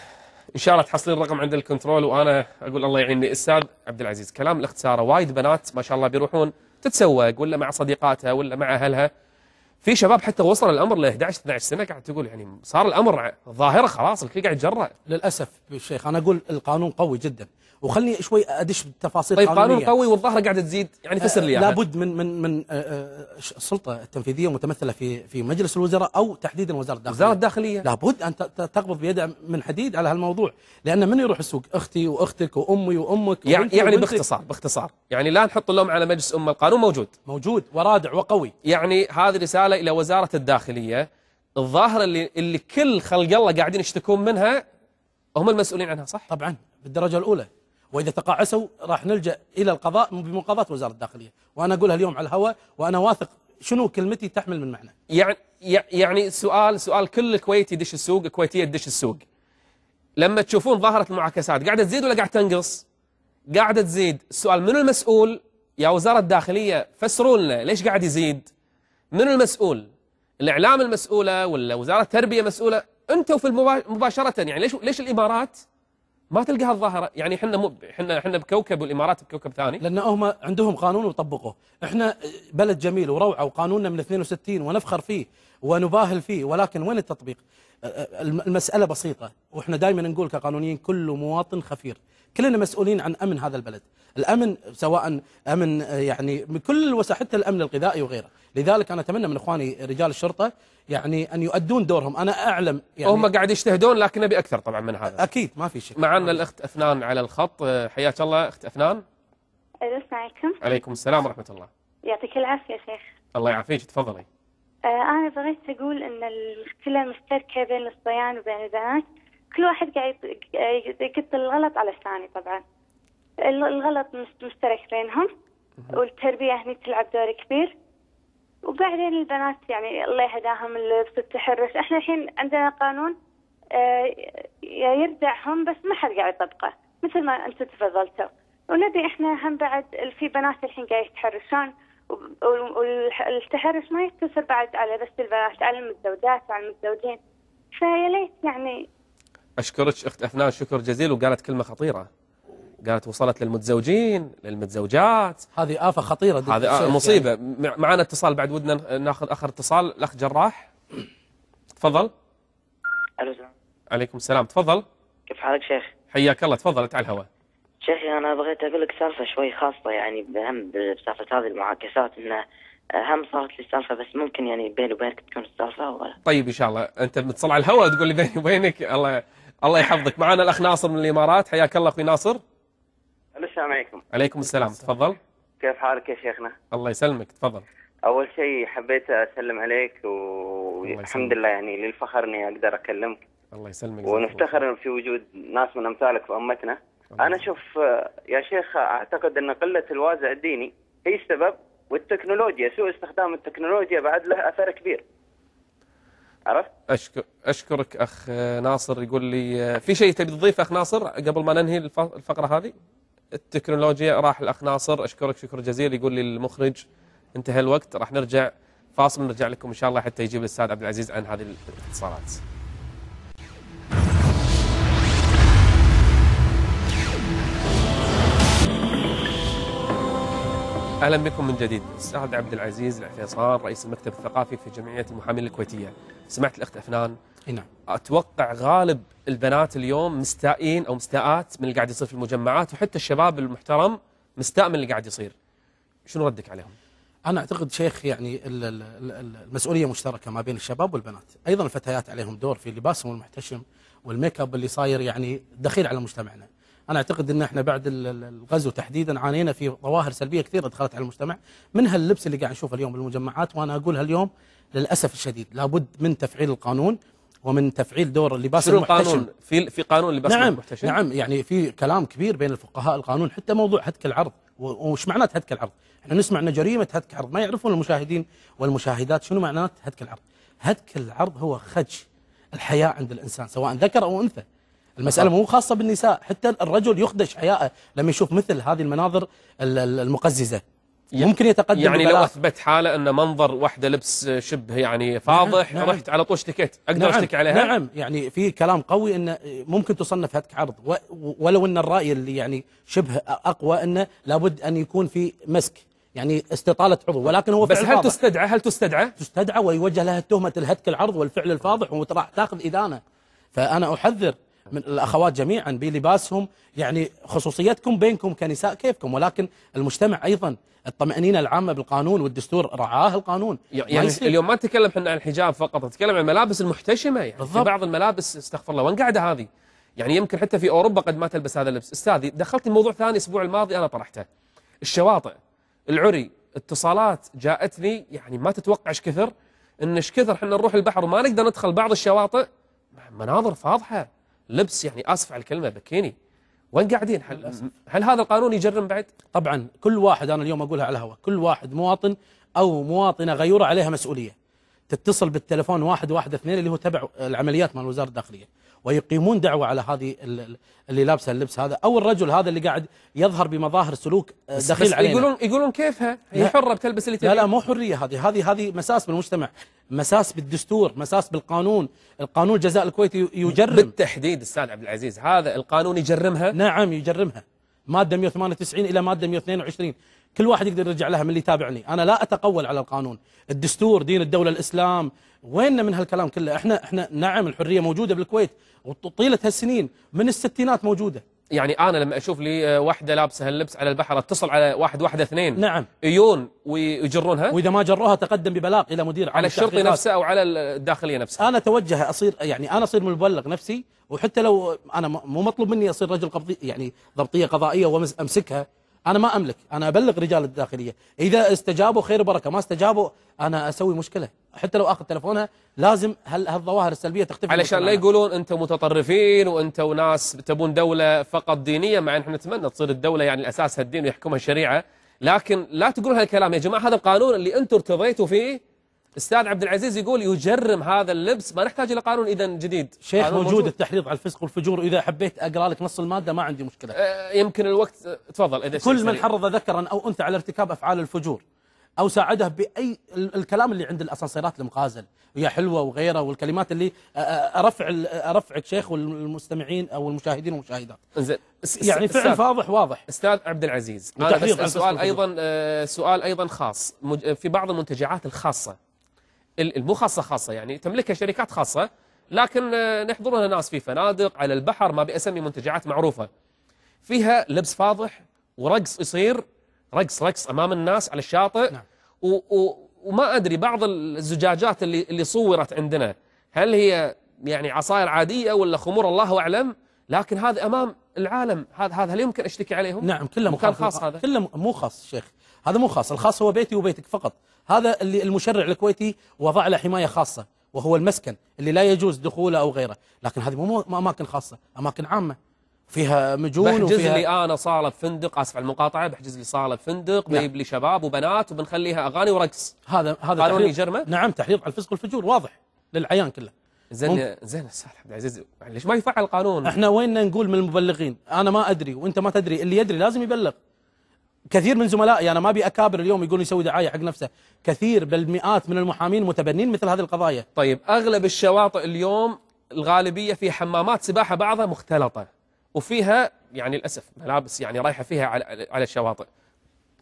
ان شاء الله تحصلين الرقم عند الكنترول وانا اقول الله يعيني استاذ عبد العزيز كلام الاختصار وايد بنات ما شاء الله بيروحون تتسوق ولا مع صديقاتها ولا مع اهلها في شباب حتى وصل الامر ل 11 12 سنه قاعد تقول يعني صار الامر ظاهره خلاص الكل قاعد يتجرأ للاسف الشيخ انا اقول القانون قوي جدا وخلني شوي ادش بالتفاصيل طيب قانونية. قانون قوي والظاهره قاعده تزيد يعني آه، فسر لي اياها لابد من من من السلطه آه، آه، التنفيذيه متمثله في في مجلس الوزراء او تحديدا وزاره الداخليه وزاره الداخليه لابد ان تقبض بيد من حديد على هالموضوع لان من يروح السوق اختي واختك وامي وامك يعني, يعني باختصار باختصار يعني لا نحط اللوم على مجلس امه القانون موجود موجود ورادع وقوي يعني هذه رساله حالة إلى وزارة الداخلية الظاهرة اللي, اللي كل خلق الله قاعدين يشتكون منها هم المسؤولين عنها صح؟ طبعا بالدرجة الأولى وإذا تقاعسوا راح نلجأ إلى القضاء بمقاضاة وزارة الداخلية وأنا أقولها اليوم على الهواء وأنا واثق شنو كلمتي تحمل من معنى يعني يعني سؤال سؤال كل الكويتي يدش السوق الكويتية تدش السوق لما تشوفون ظاهرة المعاكسات قاعدة تزيد ولا قاعدة تنقص قاعدة تزيد السؤال من المسؤول يا وزارة الداخلية فسروا لنا ليش قاعد يزيد من المسؤول الإعلام المسؤولة ولا وزارة التربية مسؤولة أنتوا في مباشرة يعني ليش ليش الإمارات ما تلقى هالظاهرة يعني احنا مو احنا احنا بكوكب والإمارات بكوكب ثاني لأن هم عندهم قانون وطبقوه احنا بلد جميل وروعة وقانوننا من 62 ونفخر فيه ونباهل فيه ولكن وين التطبيق المسألة بسيطة وإحنا دائما نقول كقانونيين كل مواطن خفير كلنا مسؤولين عن أمن هذا البلد الأمن سواء أمن يعني من كل حتى الأمن الغذائي وغيره لذلك أنا أتمنى من إخواني رجال الشرطة يعني أن يؤدون دورهم أنا أعلم يعني هم قاعد يجتهدون لكن أبي أكثر طبعا من هذا أكيد ما في شيء معنا الأخت أثنان على الخط حياك الله أخت أثنان السلام عليكم عليكم السلام ورحمة الله يعطيك العافية شيخ الله يعافيك تفضلي آه، أنا بغيت أقول أن المشكلة مشتركة بين الصبيان وبين البنات كل واحد قاعد يقط الغلط على الثاني طبعا الغلط مشترك بينهم والتربية هني تلعب دور كبير وبعدين البنات يعني الله يهداهم اللبس التحرش احنا الحين عندنا قانون اه يردعهم بس ما حد قاعد يطبقه مثل ما انتم تفضلتوا ونبي احنا هم بعد في بنات الحين قاعد يتحرشون والتحرش ما يقتصر بعد على بس البنات على المتزوجات وعلى المتزوجين فيا ليت يعني اشكرك اخت افنان شكر جزيل وقالت كلمه خطيره قالت وصلت للمتزوجين للمتزوجات هذه آفة خطيرة هذه آفة مصيبة يعني. معنا اتصال بعد ودنا ناخذ آخر اتصال الأخ جراح تفضل ألو عليكم السلام تفضل كيف حالك شيخ حياك الله تفضل تعال الهواء شيخي أنا بغيت أقول لك سالفة شوي خاصة يعني بهم بسالفة هذه المعاكسات إنه هم صارت لي سالفه بس ممكن يعني بيني وبينك تكون السالفه ولا طيب ان شاء الله انت متصل على الهواء تقول لي بيني وبينك الله الله يحفظك معنا الاخ ناصر من الامارات حياك الله اخوي ناصر السلام عليكم عليكم السلام تفضل كيف حالك يا شيخنا الله يسلمك تفضل اول شيء حبيت اسلم عليك والحمد لله يعني لي الفخر اني اقدر اكلمك الله يسلمك ونفتخر في وجود ناس من امثالك في امتنا انا اشوف يا شيخ اعتقد ان قله الوازع الديني هي السبب والتكنولوجيا سوء استخدام التكنولوجيا بعد له اثر كبير عرفت؟ أشكر أشكرك أخ ناصر يقول لي آه، في شيء تبي تضيفه أخ ناصر قبل ما ننهي الفقرة هذه؟ التكنولوجيا راح الاخ ناصر اشكرك شكر جزيل يقول لي المخرج انتهى الوقت راح نرجع فاصل نرجع لكم ان شاء الله حتى يجيب الاستاذ عبد العزيز عن هذه الاتصالات اهلا بكم من جديد استاذ عبد العزيز العفيصان رئيس المكتب الثقافي في جمعيه المحامين الكويتيه سمعت الاخت افنان نعم اتوقع غالب البنات اليوم مستائين او مستاءات من اللي قاعد يصير في المجمعات وحتى الشباب المحترم مستاء من اللي قاعد يصير شنو ردك عليهم؟ انا اعتقد شيخ يعني المسؤوليه مشتركه ما بين الشباب والبنات، ايضا الفتيات عليهم دور في لباسهم المحتشم والميك اب اللي صاير يعني دخيل على مجتمعنا. انا اعتقد ان احنا بعد الغزو تحديدا عانينا في ظواهر سلبيه كثيره دخلت على المجتمع، منها اللبس اللي قاعد نشوفه اليوم بالمجمعات وانا اقولها اليوم للاسف الشديد لابد من تفعيل القانون ومن تفعيل دور اللباس شنو المحتشم في في قانون لباس نعم المحتشم نعم يعني في كلام كبير بين الفقهاء القانون حتى موضوع هتك العرض وش معنات هتك العرض احنا نسمع ان جريمه هتك العرض ما يعرفون المشاهدين والمشاهدات شنو معنات هتك العرض هتك العرض هو خدش الحياء عند الانسان سواء ذكر او انثى المسألة مو خاصة بالنساء حتى الرجل يخدش حياءه لما يشوف مثل هذه المناظر المقززة ممكن يتقدم يعني لو اثبت حاله ان منظر واحده لبس شبه يعني فاضح نعم رحت نعم. على طول اشتكيت اقدر نعم اشتكي عليها نعم يعني في كلام قوي انه ممكن تصنف هتك عرض ولو ان الراي اللي يعني شبه اقوى انه لابد ان يكون في مسك يعني استطاله عضو ولكن هو بس هل تستدعى هل تستدعى تستدعى ويوجه لها تهمه الهتك العرض والفعل الفاضح وراح تاخذ ادانه فانا احذر من الأخوات جميعا بلباسهم يعني خصوصيتكم بينكم كنساء كيفكم ولكن المجتمع أيضا الطمأنينة العامة بالقانون والدستور رعاه القانون يعني ما اليوم ما نتكلم احنا عن الحجاب فقط نتكلم عن الملابس المحتشمة يعني بالضبط. في بعض الملابس استغفر الله وين قاعدة هذه يعني يمكن حتى في أوروبا قد ما تلبس هذا اللبس استاذي دخلت الموضوع ثاني الأسبوع الماضي أنا طرحته الشواطئ العري اتصالات جاءتني يعني ما تتوقع ايش كثر ان ايش كثر احنا نروح البحر وما نقدر ندخل بعض الشواطئ مناظر فاضحه لبس يعني اسف على الكلمه بكيني وين قاعدين حل هل هذا القانون يجرم بعد طبعا كل واحد أنا اليوم أقولها على الهواء كل واحد مواطن أو مواطنة غيورة عليها مسؤولية تتصل بالتلفون 112 اللي هو تبع العمليات مال وزارة الداخلية ويقيمون دعوة على هذه اللي لابسه اللبس هذا أو الرجل هذا اللي قاعد يظهر بمظاهر سلوك آه، دخيل عليه يقولون يقولون كيفها هي حرة بتلبس اللي تبيه لا لا مو حرية هذه هذه هذه مساس بالمجتمع مساس بالدستور مساس بالقانون القانون الجزاء الكويتي يجرم بالتحديد أستاذ عبد العزيز هذا القانون يجرمها نعم يجرمها مادة 198 إلى مادة 122 كل واحد يقدر يرجع لها من اللي يتابعني أنا لا أتقول على القانون الدستور دين الدولة الإسلام وين من هالكلام كله احنا احنا نعم الحريه موجوده بالكويت وطيله هالسنين من الستينات موجوده يعني انا لما اشوف لي آه، واحده لابسه هاللبس على البحر اتصل على واحد واحده اثنين نعم يجون ويجرونها واذا ما جروها تقدم ببلاغ الى مدير على الشرطي نفسه او على الداخليه نفسها انا اتوجه اصير يعني انا اصير مبلغ نفسي وحتى لو انا مو مطلوب مني اصير رجل قبضي يعني ضبطيه قضائيه وامسكها انا ما املك انا ابلغ رجال الداخليه اذا استجابوا خير وبركه ما استجابوا انا اسوي مشكله حتى لو اخذ تلفونها لازم هالظواهر السلبيه تختفي علشان لا يقولون انتم متطرفين وانتم ناس تبون دوله فقط دينيه مع ان احنا نتمنى تصير الدوله يعني اساسها الدين ويحكمها الشريعه لكن لا تقولون هالكلام يا جماعه هذا القانون اللي انتم ارتضيتوا فيه استاذ عبد العزيز يقول يجرم هذا اللبس ما نحتاج الى قانون اذا جديد شيخ موجود, موجود التحريض على الفسق والفجور اذا حبيت اقرا لك نص الماده ما عندي مشكله أه يمكن الوقت تفضل اذا كل من حرض ذكرا او انثى على ارتكاب افعال الفجور أو ساعده بأي الكلام اللي عند الأسانسيرات المغازل ويا حلوة وغيره والكلمات اللي أرفع أرفعك شيخ والمستمعين أو المشاهدين والمشاهدات زين يعني فعل فاضح واضح استاذ عبد العزيز سؤال أيضا سؤال أيضا خاص في بعض المنتجعات الخاصة مو خاصة خاصة يعني تملكها شركات خاصة لكن نحضرها ناس في فنادق على البحر ما بأسمي منتجعات معروفة فيها لبس فاضح ورقص يصير رقص رقص أمام الناس على الشاطئ نعم. وما أدري بعض الزجاجات اللي, اللي صورت عندنا هل هي يعني عصائر عادية ولا خمور الله أعلم لكن هذا أمام العالم هذا هذا هل يمكن أشتكي عليهم نعم كله مكان خاص هذا كله مو خاص شيخ هذا مو خاص الخاص هو بيتي وبيتك فقط هذا اللي المشرع الكويتي وضع له حماية خاصة وهو المسكن اللي لا يجوز دخوله أو غيره لكن هذه مو أماكن خاصة أماكن عامة فيها مجون بحجز وفيها لي انا صاله بفندق اسف على المقاطعه بحجز لي صاله بفندق نعم. بجيب لي شباب وبنات وبنخليها اغاني ورقص هذا هذا قانوني جرمه نعم تحريض على الفسق والفجور واضح للعيان كله زين زين استاذ عبد العزيز ليش ما يفعل القانون؟ احنا وين نقول من المبلغين؟ انا ما ادري وانت ما تدري اللي يدري لازم يبلغ. كثير من زملائي انا ما ابي اكابر اليوم يقول يسوي دعايه حق نفسه، كثير بالمئات من المحامين متبنين مثل هذه القضايا. طيب اغلب الشواطئ اليوم الغالبيه في حمامات سباحه بعضها مختلطه. وفيها يعني للاسف ملابس يعني رايحه فيها على على الشواطئ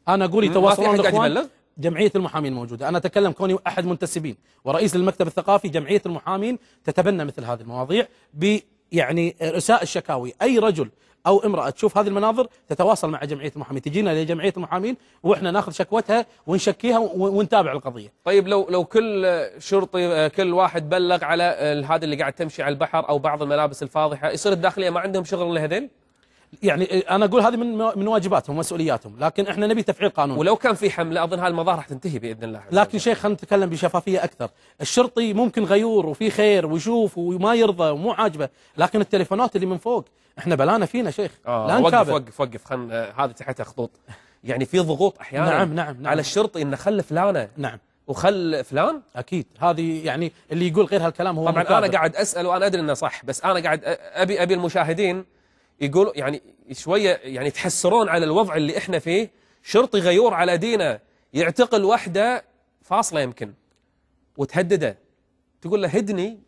انا اقول يتواصلون الاخوان جمعيه المحامين موجوده انا اتكلم كوني احد منتسبين ورئيس للمكتب الثقافي جمعيه المحامين تتبنى مثل هذه المواضيع ب يعني رساء الشكاوي اي رجل أو امرأة تشوف هذه المناظر تتواصل مع جمعية المحامين تجينا لجمعية المحامين وإحنا ناخذ شكوتها ونشكيها ونتابع القضية طيب لو لو كل شرطي كل واحد بلغ على هذا اللي قاعد تمشي على البحر أو بعض الملابس الفاضحة يصير الداخلية ما عندهم شغل لهذين يعني انا اقول هذه من من واجباتهم ومسؤولياتهم لكن احنا نبي تفعيل قانون ولو كان في حمله اظن هالمظاهر راح تنتهي باذن الله لكن شيخ خلينا نتكلم بشفافيه اكثر الشرطي ممكن غيور وفي خير ويشوف وما يرضى ومو عاجبه لكن التليفونات اللي من فوق احنا بلانا فينا شيخ آه، لا نكابر وقف وقف وقف خل هذه تحتها خطوط يعني في ضغوط احيانا نعم نعم, نعم. على الشرطي انه خل فلانه نعم وخل فلان اكيد هذه يعني اللي يقول غير هالكلام هو طبعا مكابر. انا قاعد اسال وانا ادري انه صح بس انا قاعد ابي ابي المشاهدين يقول يعني شوية يعني تحسرون على الوضع اللي احنا فيه شرطي غيور على دينا يعتقل وحده فاصلة يمكن وتهدده تقول له هدني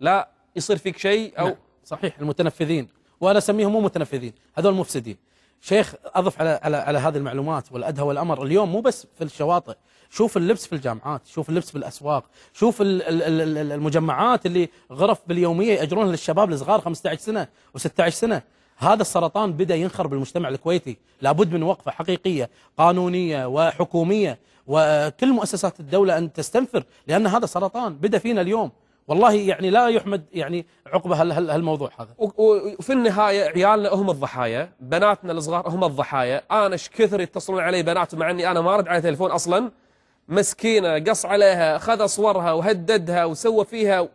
لا يصير فيك شيء أو نعم. صحيح المتنفذين وأنا أسميهم مو متنفذين هذول مفسدين شيخ أضف على, على, على هذه المعلومات والأدهى والأمر اليوم مو بس في الشواطئ شوف اللبس في الجامعات شوف اللبس في الأسواق شوف المجمعات اللي غرف باليومية يأجرونها للشباب الصغار 15 سنة و16 سنة هذا السرطان بدأ ينخر بالمجتمع الكويتي لابد من وقفة حقيقية قانونية وحكومية وكل مؤسسات الدولة أن تستنفر لأن هذا سرطان بدأ فينا اليوم والله يعني لا يحمد يعني عقبه هالموضوع هذا وفي النهايه عيالنا هم الضحايا بناتنا الصغار هم الضحايا انا ايش كثر يتصلون علي بنات مع اني انا ما ارد على تليفون اصلا مسكينه قص عليها خذ صورها وهددها وسوى فيها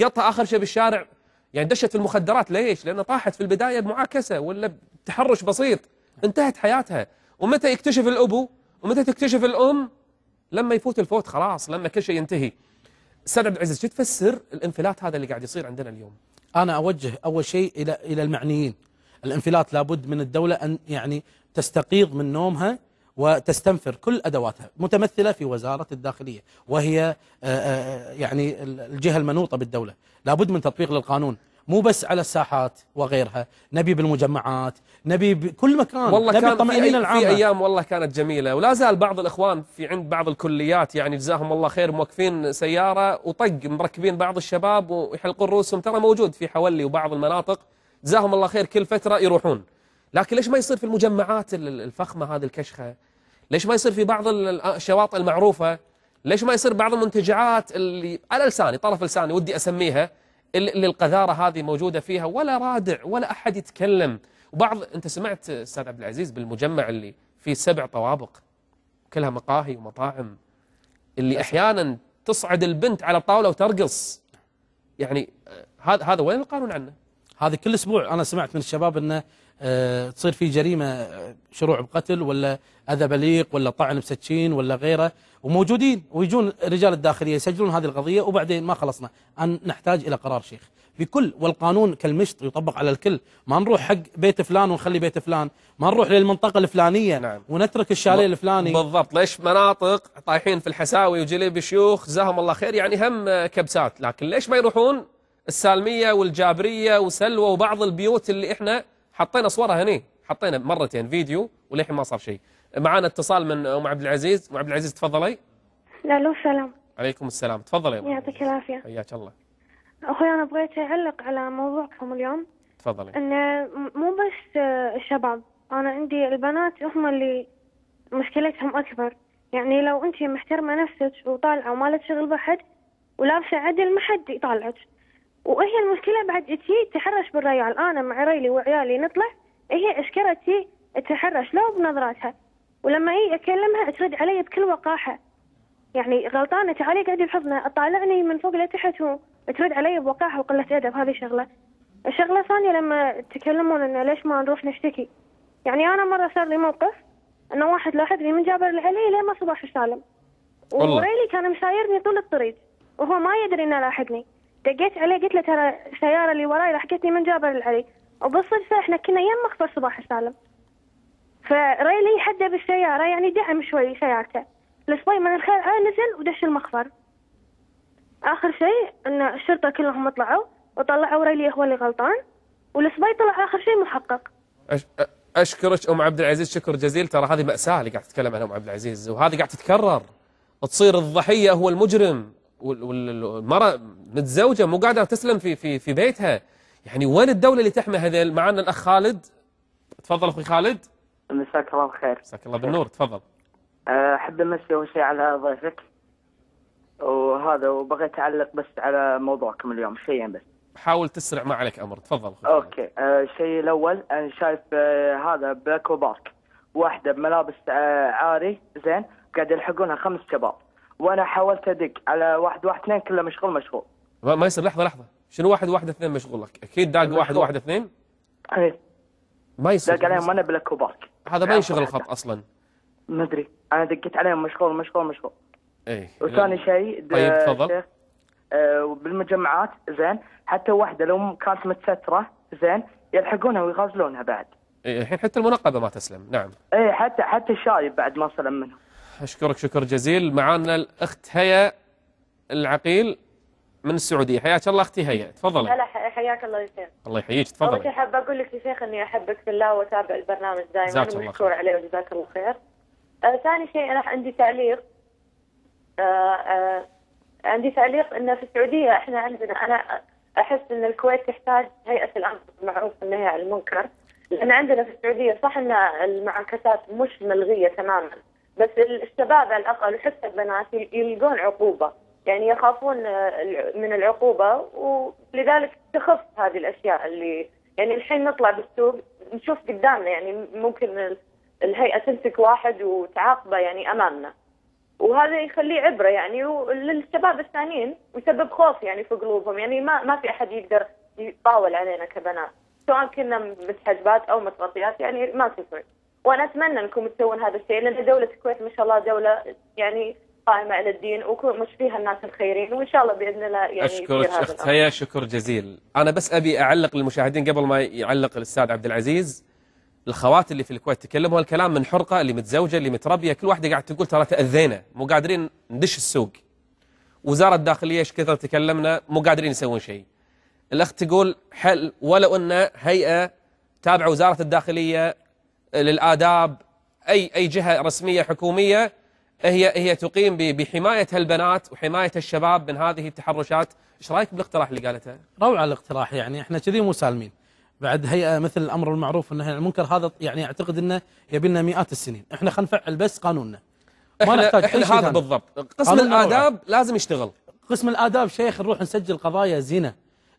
قطها اخر شيء بالشارع يعني دشت في المخدرات ليش؟ لأنها طاحت في البداية بمعاكسة ولا بتحرش بسيط انتهت حياتها ومتى يكتشف الأبو ومتى تكتشف الأم لما يفوت الفوت خلاص لما كل شيء ينتهي سيد عبد العزيز شو تفسر الانفلات هذا اللي قاعد يصير عندنا اليوم أنا أوجه أول شيء إلى إلى المعنيين الانفلات لابد من الدولة أن يعني تستقيض من نومها وتستنفر كل أدواتها متمثلة في وزارة الداخلية وهي آه، آه، يعني الجهة المنوطة بالدولة لابد من تطبيق للقانون مو بس على الساحات وغيرها نبي بالمجمعات نبي بكل مكان والله نبي كان في, أي في أيام والله كانت جميلة ولا زال بعض الإخوان في عند بعض الكليات يعني جزاهم الله خير موقفين سيارة وطق مركبين بعض الشباب ويحلقون رؤوسهم ترى موجود في حولي وبعض المناطق جزاهم الله خير كل فترة يروحون لكن ليش ما يصير في المجمعات الفخمة هذه الكشخة ليش ما يصير في بعض آه، الشواطئ المعروفة ليش ما يصير بعض المنتجعات اللي على لساني طرف لساني ودي أسميها اللي القذارة هذه موجودة فيها ولا رادع ولا أحد يتكلم وبعض أنت سمعت أستاذ عبد العزيز بالمجمع اللي فيه سبع طوابق كلها مقاهي ومطاعم اللي أحيانا تصعد البنت على الطاولة وترقص يعني آه، هذا وين القانون عنه؟ هذا كل اسبوع انا سمعت من الشباب انه آه، تصير في جريمة آه، شروع بقتل ولا أذى بليق ولا طعن بسكين ولا غيره وموجودين ويجون رجال الداخلية يسجلون هذه القضية وبعدين ما خلصنا أن نحتاج إلى قرار شيخ بكل والقانون كالمشط يطبق على الكل ما نروح حق بيت فلان ونخلي بيت فلان ما نروح للمنطقة الفلانية نعم. ونترك الشاليه الفلاني بالضبط ليش مناطق طايحين في الحساوي وجليب شيوخ جزاهم الله خير يعني هم كبسات لكن ليش ما يروحون السالمية والجابرية وسلوى وبعض البيوت اللي إحنا حطينا صورها هني حطينا مرتين فيديو وللحين ما صار شيء معانا اتصال من ام عبد العزيز ام عبد العزيز تفضلي الو السلام عليكم السلام تفضلي يا يعطيك العافيه حياك الله اخوي انا بغيت اعلق على موضوعكم اليوم تفضلي ان مو بس الشباب انا عندي البنات هم اللي مشكلتهم اكبر يعني لو انت محترمه نفسك وطالعه وما لك شغل بحد ولابسه عدل ما حد يطالعك وهي المشكله بعد تي تحرش بالريال انا مع ريلي وعيالي نطلع هي اشكرت تي تحرش لو بنظراتها ولما هي اكلمها ترد علي بكل وقاحه يعني غلطانه تعالي قاعده بحضنها أطالعني من فوق لتحت وترد علي بوقاحه وقله ادب هذه شغله الشغله الثانيه لما تكلمون انه ليش ما نروح نشتكي يعني انا مره صار لي موقف انه واحد لاحظني من جابر العلي لين ما صباح السالم وريلي كان مسايرني طول الطريق وهو ما يدري انه لاحقني دقيت عليه قلت له ترى السيارة اللي وراي لحقتني من جابر العلي وبالصدفة احنا كنا يم مخبر صباح السالم فريلي حده بالسيارة يعني دعم شوي سيارته لشوي من الخير على آه، نزل ودش المخفر آخر شيء أن الشرطة كلهم طلعوا وطلعوا ريلي هو اللي غلطان والصبي طلع آخر شيء محقق أش... أشكرك أم عبد العزيز شكر جزيل ترى هذه مأساة اللي قاعد تتكلم عنها أم عبد العزيز وهذه قاعد تتكرر تصير الضحية هو المجرم والمرأة متزوجة مو قاعدة تسلم في في في بيتها يعني وين الدولة اللي تحمي هذيل معنا الأخ خالد تفضل أخوي خالد مساك الله بخير مساك الله بالنور تفضل أه، أحب أمسي أول شيء على ضيفك وهذا وبغيت أعلق بس على موضوعكم اليوم شيئين بس حاول تسرع ما عليك أمر تفضل أوكي أه، الشيء آه الأول أنا شايف آه هذا باكو بارك واحدة بملابس آه عاري زين قاعد يلحقونها خمس شباب وانا حاولت ادق على واحد واحد اثنين كله مشغول مشغول ما يصير لحظه لحظه شنو واحد واحد اثنين مشغول لك اكيد داق واحد واحد اثنين إيه. ما يصير داق عليهم انا بلاك وبارك هذا ما يشغل الخط اصلا ما ادري انا دقيت عليهم مشغول مشغول مشغول ايه وثاني شيء طيب آه، تفضل آه بالمجمعات زين حتى واحده لو كانت متستره زين يلحقونها ويغازلونها بعد ايه الحين حتى المنقبه ما تسلم نعم ايه حتى حتى الشايب بعد ما سلم منهم أشكرك شكر جزيل معانا الأخت هيا العقيل من السعودية حياك الله أختي هيا تفضلي هلا حياك الله يا شيخ الله يحييك تفضلي أول شيء حابة أقول لك يا شيخ إني أحبك في الله وأتابع البرنامج دائما ومشكور عليه وجزاك الله خير آه، ثاني شيء أنا عندي تعليق آه آه عندي تعليق انه في السعوديه احنا عندنا انا احس ان الكويت تحتاج هيئه الامر بالمعروف والنهي عن المنكر لان عندنا في السعوديه صح ان المعاكسات مش ملغيه تماما بس الشباب على الاقل وحتى البنات يلقون عقوبه يعني يخافون آه، من العقوبه ولذلك تخف هذه الاشياء اللي يعني الحين نطلع بالسوق نشوف قدامنا يعني ممكن الهيئه تمسك واحد وتعاقبه يعني امامنا وهذا يخليه عبره يعني للشباب الثانيين ويسبب خوف يعني في قلوبهم يعني ما ما في احد يقدر يطاول علينا كبنات سواء كنا متحجبات او متغطيات يعني ما في فرق وانا اتمنى انكم تسوون هذا الشيء لان دوله الكويت ما شاء الله دوله يعني قائمه على الدين ومش فيها الناس الخيرين وان شاء الله باذن الله يعني اشكرك اخت هيا شكر جزيل انا بس ابي اعلق للمشاهدين قبل ما يعلق الاستاذ عبد العزيز الخوات اللي في الكويت تكلموا الكلام من حرقه اللي متزوجه اللي متربيه كل واحده قاعده تقول ترى تاذينا مو قادرين ندش السوق وزاره الداخليه ايش كثر تكلمنا مو قادرين يسوون شيء الاخت تقول حل ولو ان هيئه تابعه وزاره الداخليه للآداب أي أي جهة رسمية حكومية هي هي تقيم بحماية هالبنات وحماية الشباب من هذه التحرشات ايش رايك بالاقتراح اللي قالته روعة الاقتراح يعني احنا كذي مو سالمين، بعد هيئة مثل الأمر المعروف والنهي عن المنكر هذا يعني أعتقد أنه يبي لنا مئات السنين احنا خلينا نفعل بس قانوننا ما نحتاج احنا هذا تاني. بالضبط قسم الآداب روعة. لازم يشتغل قسم الآداب شيخ نروح نسجل قضايا زنا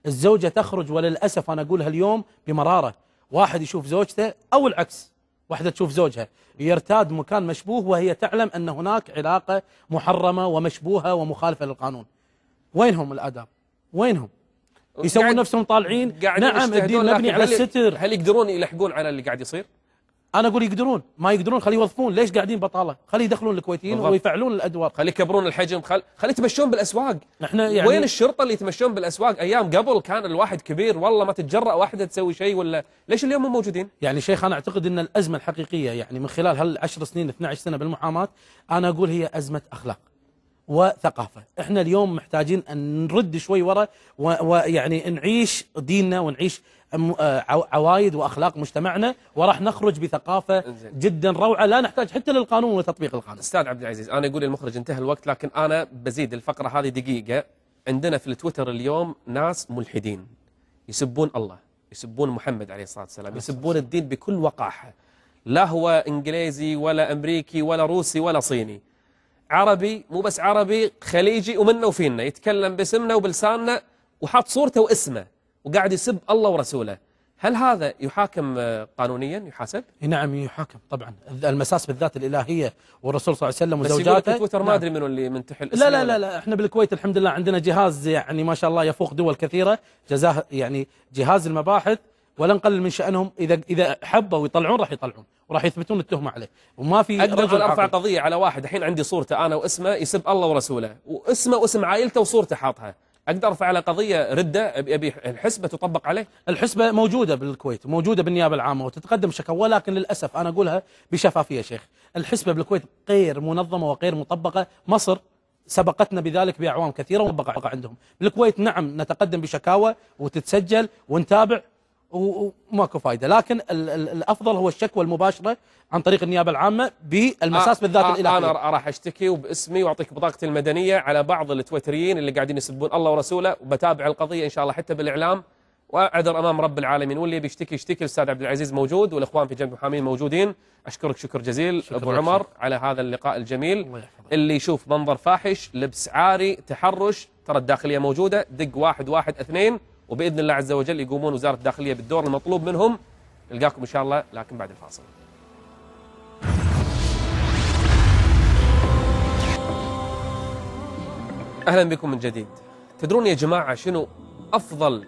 الزوجة تخرج وللأسف أنا أقولها اليوم بمرارة واحد يشوف زوجته أو العكس واحدة تشوف زوجها يرتاد مكان مشبوه وهي تعلم أن هناك علاقة محرمة ومشبوهة ومخالفة للقانون وينهم الآداب وينهم يسوون نفسهم طالعين نعم الدين مبني على الستر هل يقدرون يلحقون على اللي قاعد يصير انا اقول يقدرون ما يقدرون خليه يوظفون ليش قاعدين بطاله خليه يدخلون الكويتيين بالضبط. ويفعلون الادوار خليه يكبرون الحجم خل خليه يتمشون بالاسواق احنا يعني وين الشرطه اللي يتمشون بالاسواق ايام قبل كان الواحد كبير والله ما تتجرأ واحده تسوي شيء ولا ليش اليوم مو موجودين يعني شيخ انا اعتقد ان الازمه الحقيقيه يعني من خلال هالعشر سنين 12 سنه بالمحاماه انا اقول هي ازمه اخلاق وثقافة احنا اليوم محتاجين أن نرد شوي ورا ويعني نعيش ديننا ونعيش آه، عوايد وأخلاق مجتمعنا وراح نخرج بثقافة جدا روعة لا نحتاج حتى للقانون وتطبيق القانون أستاذ عبد العزيز أنا أقول المخرج انتهى الوقت لكن أنا بزيد الفقرة هذه دقيقة عندنا في التويتر اليوم ناس ملحدين يسبون الله يسبون محمد عليه الصلاة والسلام يسبون الدين بكل وقاحة لا هو إنجليزي ولا أمريكي ولا روسي ولا صيني عربي مو بس عربي خليجي ومنا وفينا يتكلم باسمنا وبلساننا وحاط صورته واسمه وقاعد يسب الله ورسوله هل هذا يحاكم آه، قانونيا يحاسب؟ نعم يحاكم طبعا المساس بالذات الالهيه والرسول صلى الله عليه وسلم وزوجاته بس تويتر نعم. ما ادري منو اللي منتحل لا لا لا لا احنا بالكويت الحمد لله عندنا جهاز يعني ما شاء الله يفوق دول كثيره جزاه يعني جهاز المباحث ولا نقلل من شأنهم إذا إذا حبوا يطلعون راح يطلعون وراح يثبتون التهمة عليه وما في أقدر رجل أرفع قضية على واحد الحين عندي صورته أنا واسمه يسب الله ورسوله واسمه واسم عائلته وصورته حاطها أقدر أرفع على قضية ردة أبي الحسبة تطبق عليه الحسبة موجودة بالكويت موجودة بالنيابة العامة وتتقدم شكوى ولكن للأسف أنا أقولها بشفافية شيخ الحسبة بالكويت غير منظمة وغير مطبقة مصر سبقتنا بذلك بأعوام كثيرة وبقى عندهم الكويت نعم نتقدم بشكاوى وتتسجل ونتابع وماكو فائده لكن ال ال الافضل هو الشكوى المباشره عن طريق النيابه العامه بالمساس آه بالذات آه الالهيه انا راح اشتكي وباسمي واعطيك بطاقتي المدنيه على بعض التويتريين اللي قاعدين يسبون الله ورسوله وبتابع القضيه ان شاء الله حتى بالاعلام واعذر امام رب العالمين واللي بيشتكي يشتكي الاستاذ عبد العزيز موجود والاخوان في جنب المحامين موجودين اشكرك شكر جزيل شكر ابو عمر شكر. على هذا اللقاء الجميل الله اللي يشوف منظر فاحش لبس عاري تحرش ترى الداخليه موجوده دق واحد واحد اثنين وبإذن الله عز وجل يقومون وزارة الداخلية بالدور المطلوب منهم نلقاكم إن شاء الله لكن بعد الفاصل أهلا بكم من جديد تدرون يا جماعة شنو أفضل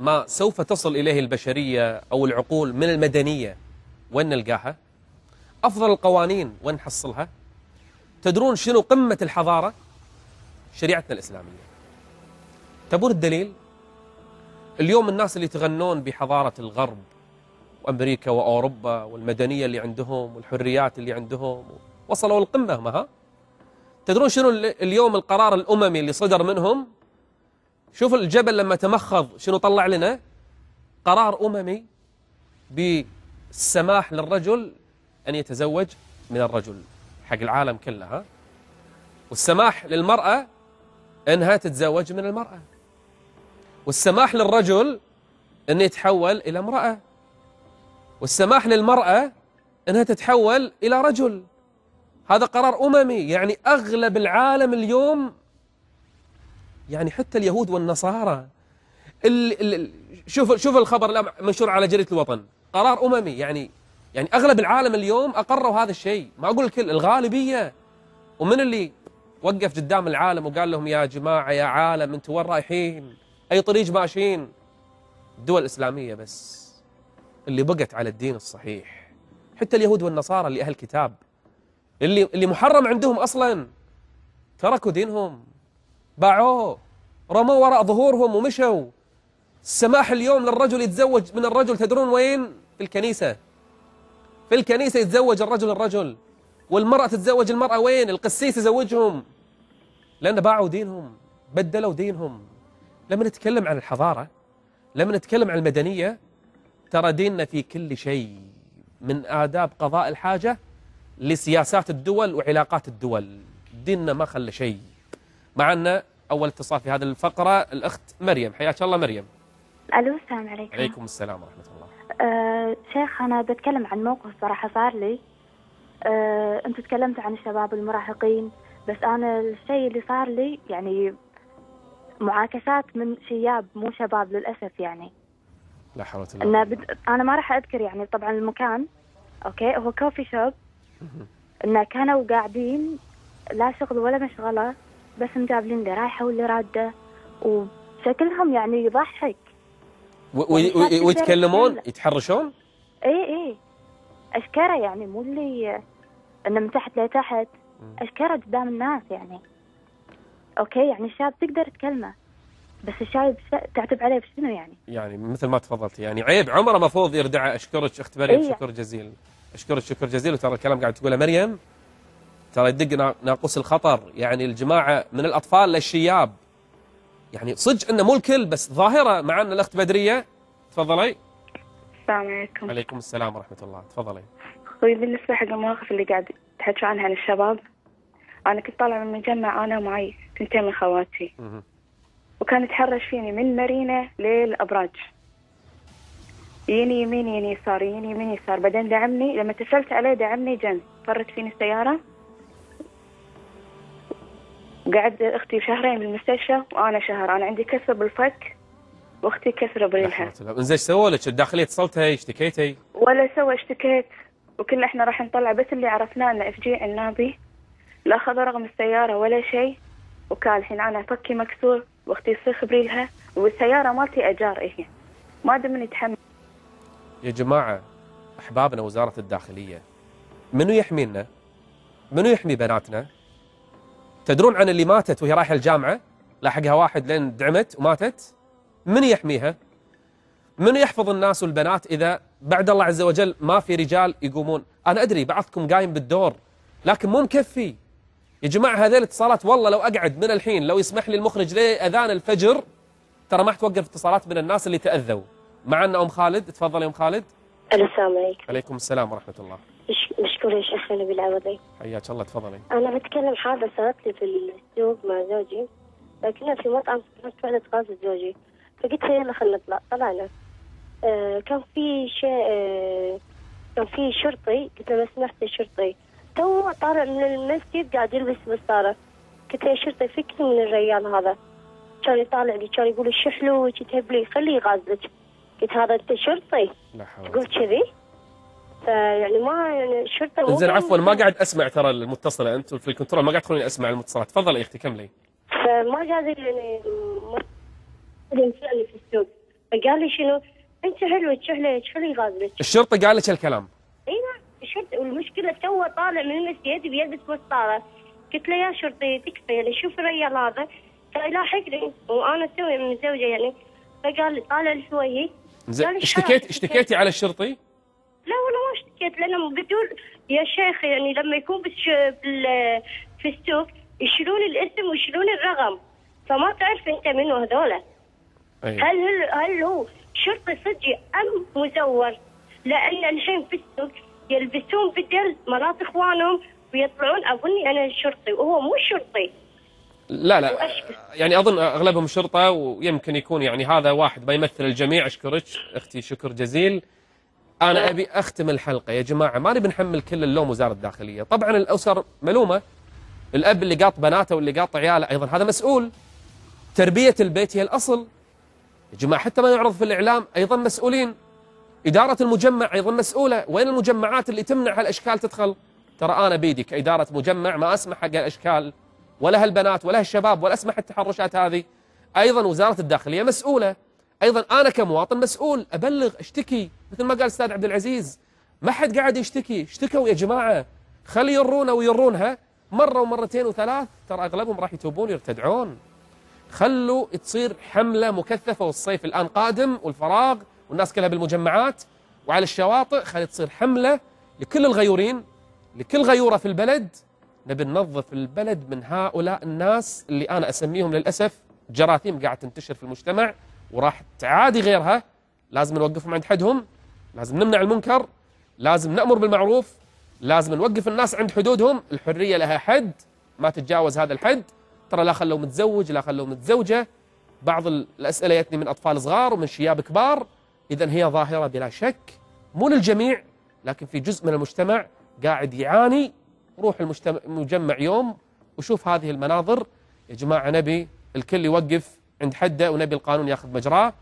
ما سوف تصل إليه البشرية أو العقول من المدنية وين نلقاها أفضل القوانين وين نحصلها تدرون شنو قمة الحضارة شريعتنا الإسلامية تبون الدليل اليوم الناس اللي يتغنون بحضارة الغرب وأمريكا وأوروبا والمدنية اللي عندهم والحريات اللي عندهم وصلوا القمة هم ها تدرون شنو اليوم القرار الأممي اللي صدر منهم شوف الجبل لما تمخض شنو طلع لنا قرار أممي بالسماح للرجل أن يتزوج من الرجل حق العالم كله ها والسماح للمرأة أنها تتزوج من المرأة والسماح للرجل أن يتحول إلى امرأة والسماح للمرأة أنها تتحول إلى رجل هذا قرار أممي يعني أغلب العالم اليوم يعني حتى اليهود والنصارى شوف شوف الخبر الآن منشور على جريدة الوطن قرار أممي يعني يعني أغلب العالم اليوم أقروا هذا الشيء ما أقول الكل الغالبية ومن اللي وقف قدام العالم وقال لهم يا جماعة يا عالم أنتوا وين رايحين أي طريق ماشيين الدول الإسلامية بس اللي بقت على الدين الصحيح حتى اليهود والنصارى اللي أهل كتاب اللي, اللي محرم عندهم أصلا تركوا دينهم باعوه رموا وراء ظهورهم ومشوا السماح اليوم للرجل يتزوج من الرجل تدرون وين في الكنيسة في الكنيسة يتزوج الرجل الرجل والمرأة تتزوج المرأة وين القسيس يزوجهم لأن باعوا دينهم بدلوا دينهم لما نتكلم عن الحضارة لما نتكلم عن المدنية ترى ديننا في كل شيء من آداب قضاء الحاجة لسياسات الدول وعلاقات الدول ديننا ما خلى شيء معنا أول اتصال في هذه الفقرة الأخت مريم حياك الله مريم ألو السلام عليكم عليكم السلام ورحمة الله أه شيخ أنا بتكلم عن موقف صراحة صار لي أه أنت تكلمت عن الشباب المراهقين بس أنا الشيء اللي صار لي يعني معاكسات من شياب مو شباب للاسف يعني لا حول ولا قوه بد... انا ما راح اذكر يعني طبعا المكان اوكي هو كوفي شوب انه كانوا قاعدين لا شغل ولا مشغله بس مقابلين اللي رايحه واللي راده وشكلهم يعني يضحك يعني ويتكلمون يتحرشون؟ اي اي اشكره يعني مو اللي انه من تحت لتحت اشكره قدام الناس يعني اوكي يعني الشاب تقدر تكلمه بس الشايب تعتب عليه بشنو يعني؟ يعني مثل ما تفضلتي يعني عيب عمره مفروض يردع اشكرك اخت مريم إيه؟ شكر جزيل اشكرك شكر جزيل وترى الكلام قاعد تقوله مريم ترى يدق ناقوس الخطر يعني الجماعه من الاطفال للشياب يعني صدق انه مو الكل بس ظاهره معنا الاخت بدريه تفضلي السلام عليكم عليكم السلام ورحمه الله تفضلي اخوي بالنسبه حق المواقف اللي قاعد تحكي عنها عن الشباب أنا كنت طالعة من المجمع أنا ومعي تنتين من خواتي وكان يتحرش فيني من مارينا للأبراج يني يمين يني يسار يني يمين يسار بعدين دعمني لما اتصلت عليه دعمني جنب فرت فيني السيارة قعد أختي شهرين بالمستشفى وأنا شهر أنا عندي كسر بالفك واختي كسره بريلها انزين ايش سووا لك الداخليه اتصلتي اشتكيتي ولا سوى اشتكيت وكنا احنا راح نطلع بس اللي عرفناه انه اف جي عنابي لا خذوا رقم السيارة ولا شيء وكان الحين أنا فكي مكسور واختي صخبري بريلها والسيارة مالتي أجار هي إيه. ما دمن يتحمل يا جماعة أحبابنا وزارة الداخلية منو يحمينا؟ منو يحمي بناتنا؟ تدرون عن اللي ماتت وهي رايحة الجامعة؟ لاحقها واحد لين دعمت وماتت؟ من يحميها؟ من يحفظ الناس والبنات إذا بعد الله عز وجل ما في رجال يقومون؟ أنا أدري بعضكم قايم بالدور لكن مو مكفي يا جماعة هذه الاتصالات والله لو أقعد من الحين لو يسمح لي المخرج لي أذان الفجر ترى ما حتوقف اتصالات من الناس اللي تأذوا معنا أم خالد تفضل يا أم خالد السلام عليكم عليكم السلام ورحمة الله مشكور يا شيخنا نبيل عوضي حياك الله تفضلي أنا بتكلم حاضر صارت لي في السوق مع زوجي لكنها في مطعم سمعت وحدة غاز زوجي فقلت يلا خلينا نطلع طلعنا آه كان في شيء آه كان في شرطي قلت له لو سمحت يا شرطي تو طالع من المسجد قاعد يلبس مسطره قلت له شرطي فكني من الريال هذا كان يطالع لي كان يقول شو حلو لي خليه يغازلك قلت هذا انت شرطي تقول كذي فيعني ما يعني الشرطه زين عفوا ما قاعد اسمع ترى المتصله انت في الكنترول ما قاعد تخليني اسمع المتصلات تفضلي اختي كملي فما قاعد يعني ما يسالني في السوق فقال لي شنو انت حلوه شحله شحله يغازلك الشرطه قال لك الكلام شرطي والمشكله تو طالع من المسجد بيلبس مسطره قلت له يا شرطي تكفى يعني شوف الرجال هذا يلاحقني وانا من متزوجه يعني فقال طالع شوي زين اشتكيت اشتكيتي على الشرطي؟ لا والله ما اشتكيت لانه بدون يا شيخ يعني لما يكون بش بال في السوق يشيلون الاسم ويشيلون الرقم فما تعرف انت منو هذولا أيوه. هل هل هو شرطي صدقي ام مزور؟ لان الحين في السوق يلبسون بدل مرات اخوانهم ويطلعون اظني انا شرطي وهو مو شرطي لا لا يعني اظن اغلبهم شرطه ويمكن يكون يعني هذا واحد ما يمثل الجميع اشكرك اختي شكر جزيل انا ابي اختم الحلقه يا جماعه ما نبي نحمل كل اللوم وزاره الداخليه طبعا الاسر ملومه الاب اللي قاط بناته واللي قاط عياله ايضا هذا مسؤول تربيه البيت هي الاصل يا جماعه حتى ما يعرض في الاعلام ايضا مسؤولين إدارة المجمع أيضا مسؤولة وين المجمعات اللي تمنع هالأشكال تدخل ترى أنا بيدي كإدارة مجمع ما أسمح حق هالأشكال ولا هالبنات ولا هالشباب ولا أسمح التحرشات هذه أيضا وزارة الداخلية مسؤولة أيضا أنا كمواطن مسؤول أبلغ أشتكي مثل ما قال الأستاذ عبد العزيز ما حد قاعد يشتكي اشتكوا يا جماعة خلي يرونا ويرونها مرة ومرتين وثلاث ترى أغلبهم راح يتوبون يرتدعون خلوا تصير حملة مكثفة والصيف الآن قادم والفراغ والناس كلها بالمجمعات وعلى الشواطئ خلي تصير حملة لكل الغيورين لكل غيورة في البلد نبي ننظف البلد من هؤلاء الناس اللي أنا أسميهم للأسف جراثيم قاعد تنتشر في المجتمع وراح تعادي غيرها لازم نوقفهم عند حدهم لازم نمنع المنكر لازم نأمر بالمعروف لازم نوقف الناس عند حدودهم الحرية لها حد ما تتجاوز هذا الحد ترى لا خلوا متزوج لا خلوا متزوجة بعض الأسئلة يأتني من أطفال صغار ومن شياب كبار إذا هي ظاهرة بلا شك مو للجميع لكن في جزء من المجتمع قاعد يعاني روح المجتمع مجمع يوم وشوف هذه المناظر يا جماعة نبي الكل يوقف عند حده ونبي القانون ياخذ مجراه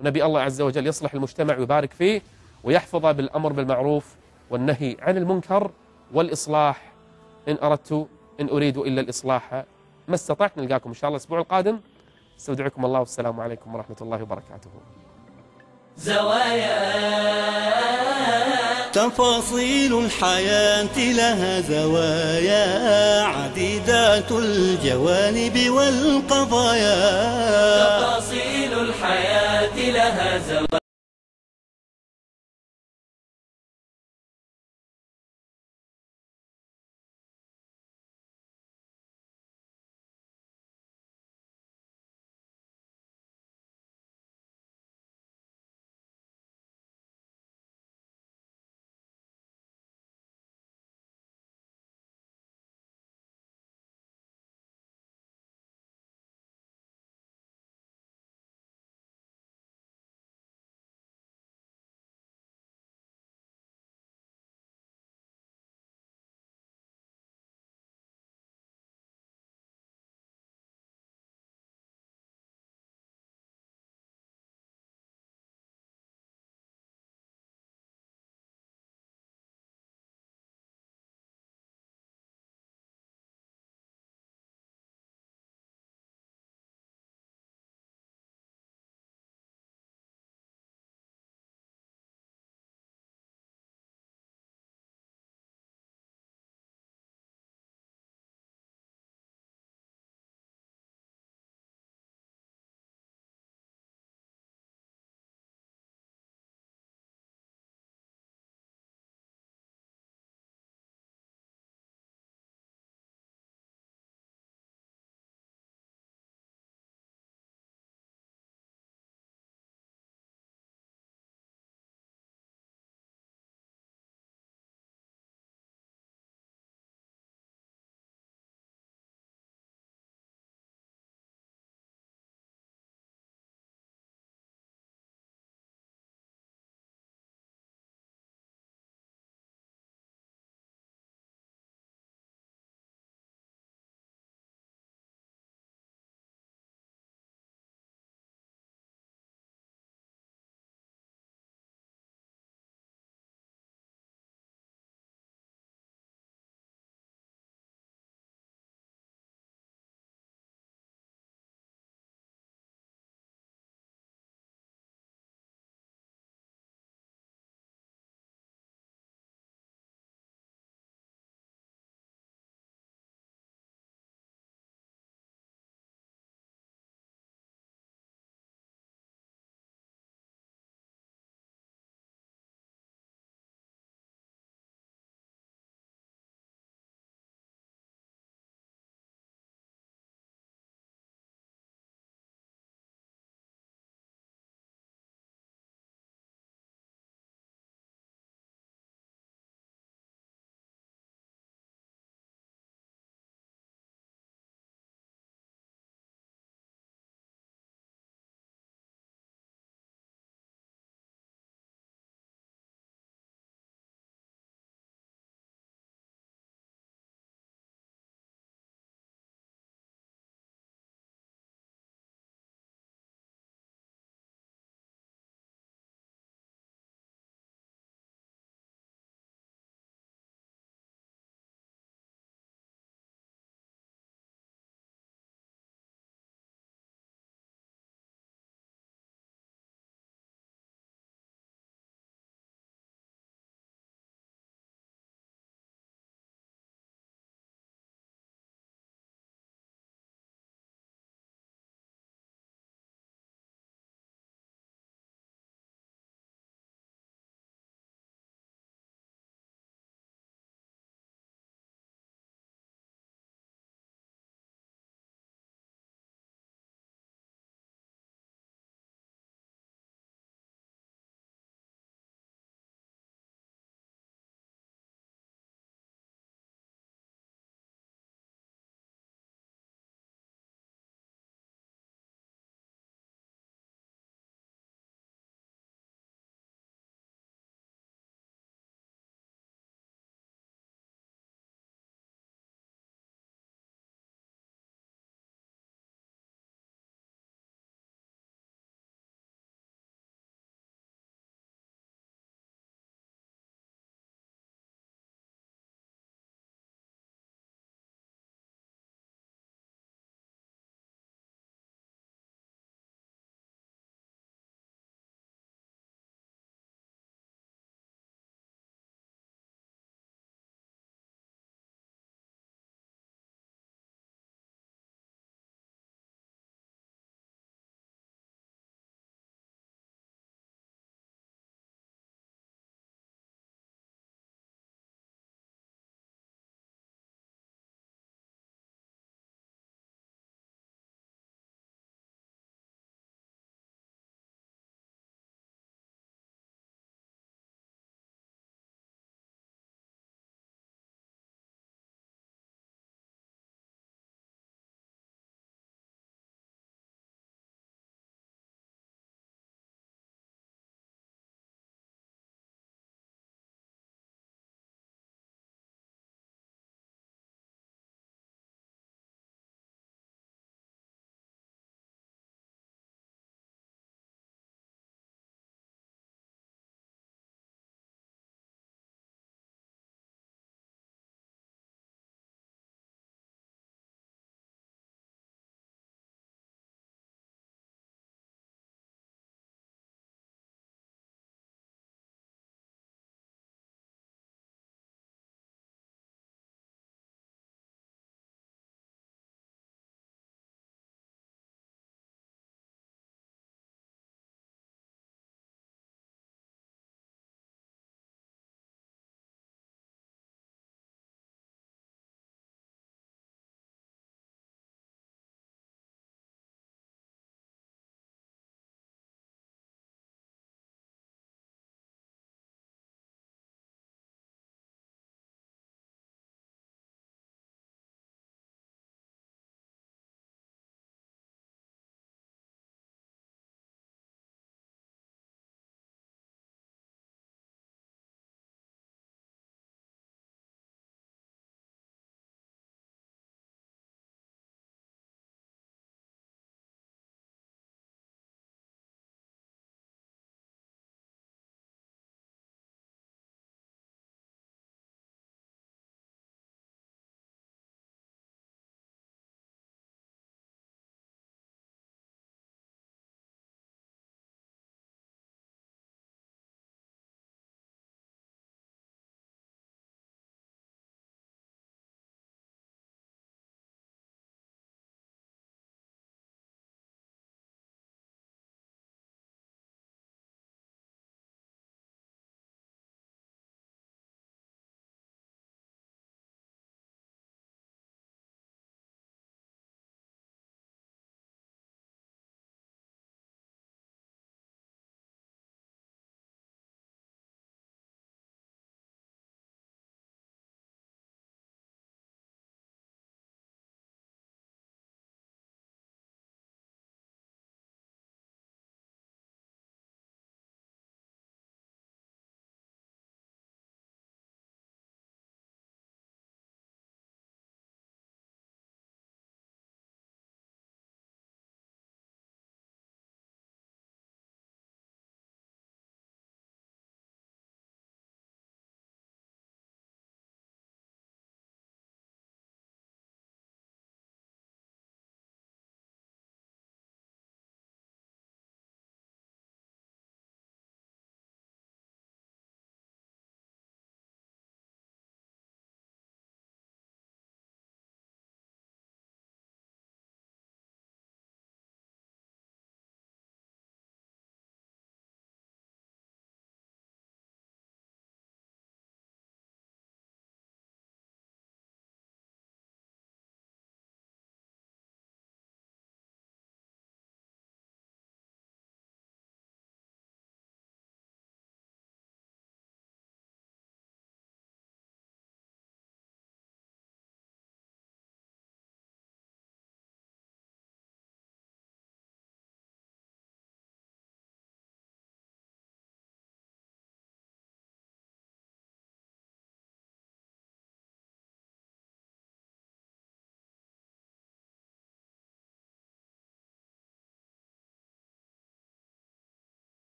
ونبي الله عز وجل يصلح المجتمع ويبارك فيه ويحفظه بالأمر بالمعروف والنهي عن المنكر والإصلاح إن أردت إن أريد إلا الإصلاح ما استطعت نلقاكم إن شاء الله الأسبوع القادم استودعكم الله والسلام عليكم ورحمة الله وبركاته زوايا تفاصيل الحياة لها زوايا عديدة الجوانب والقضايا تفاصيل الحياة لها زوايا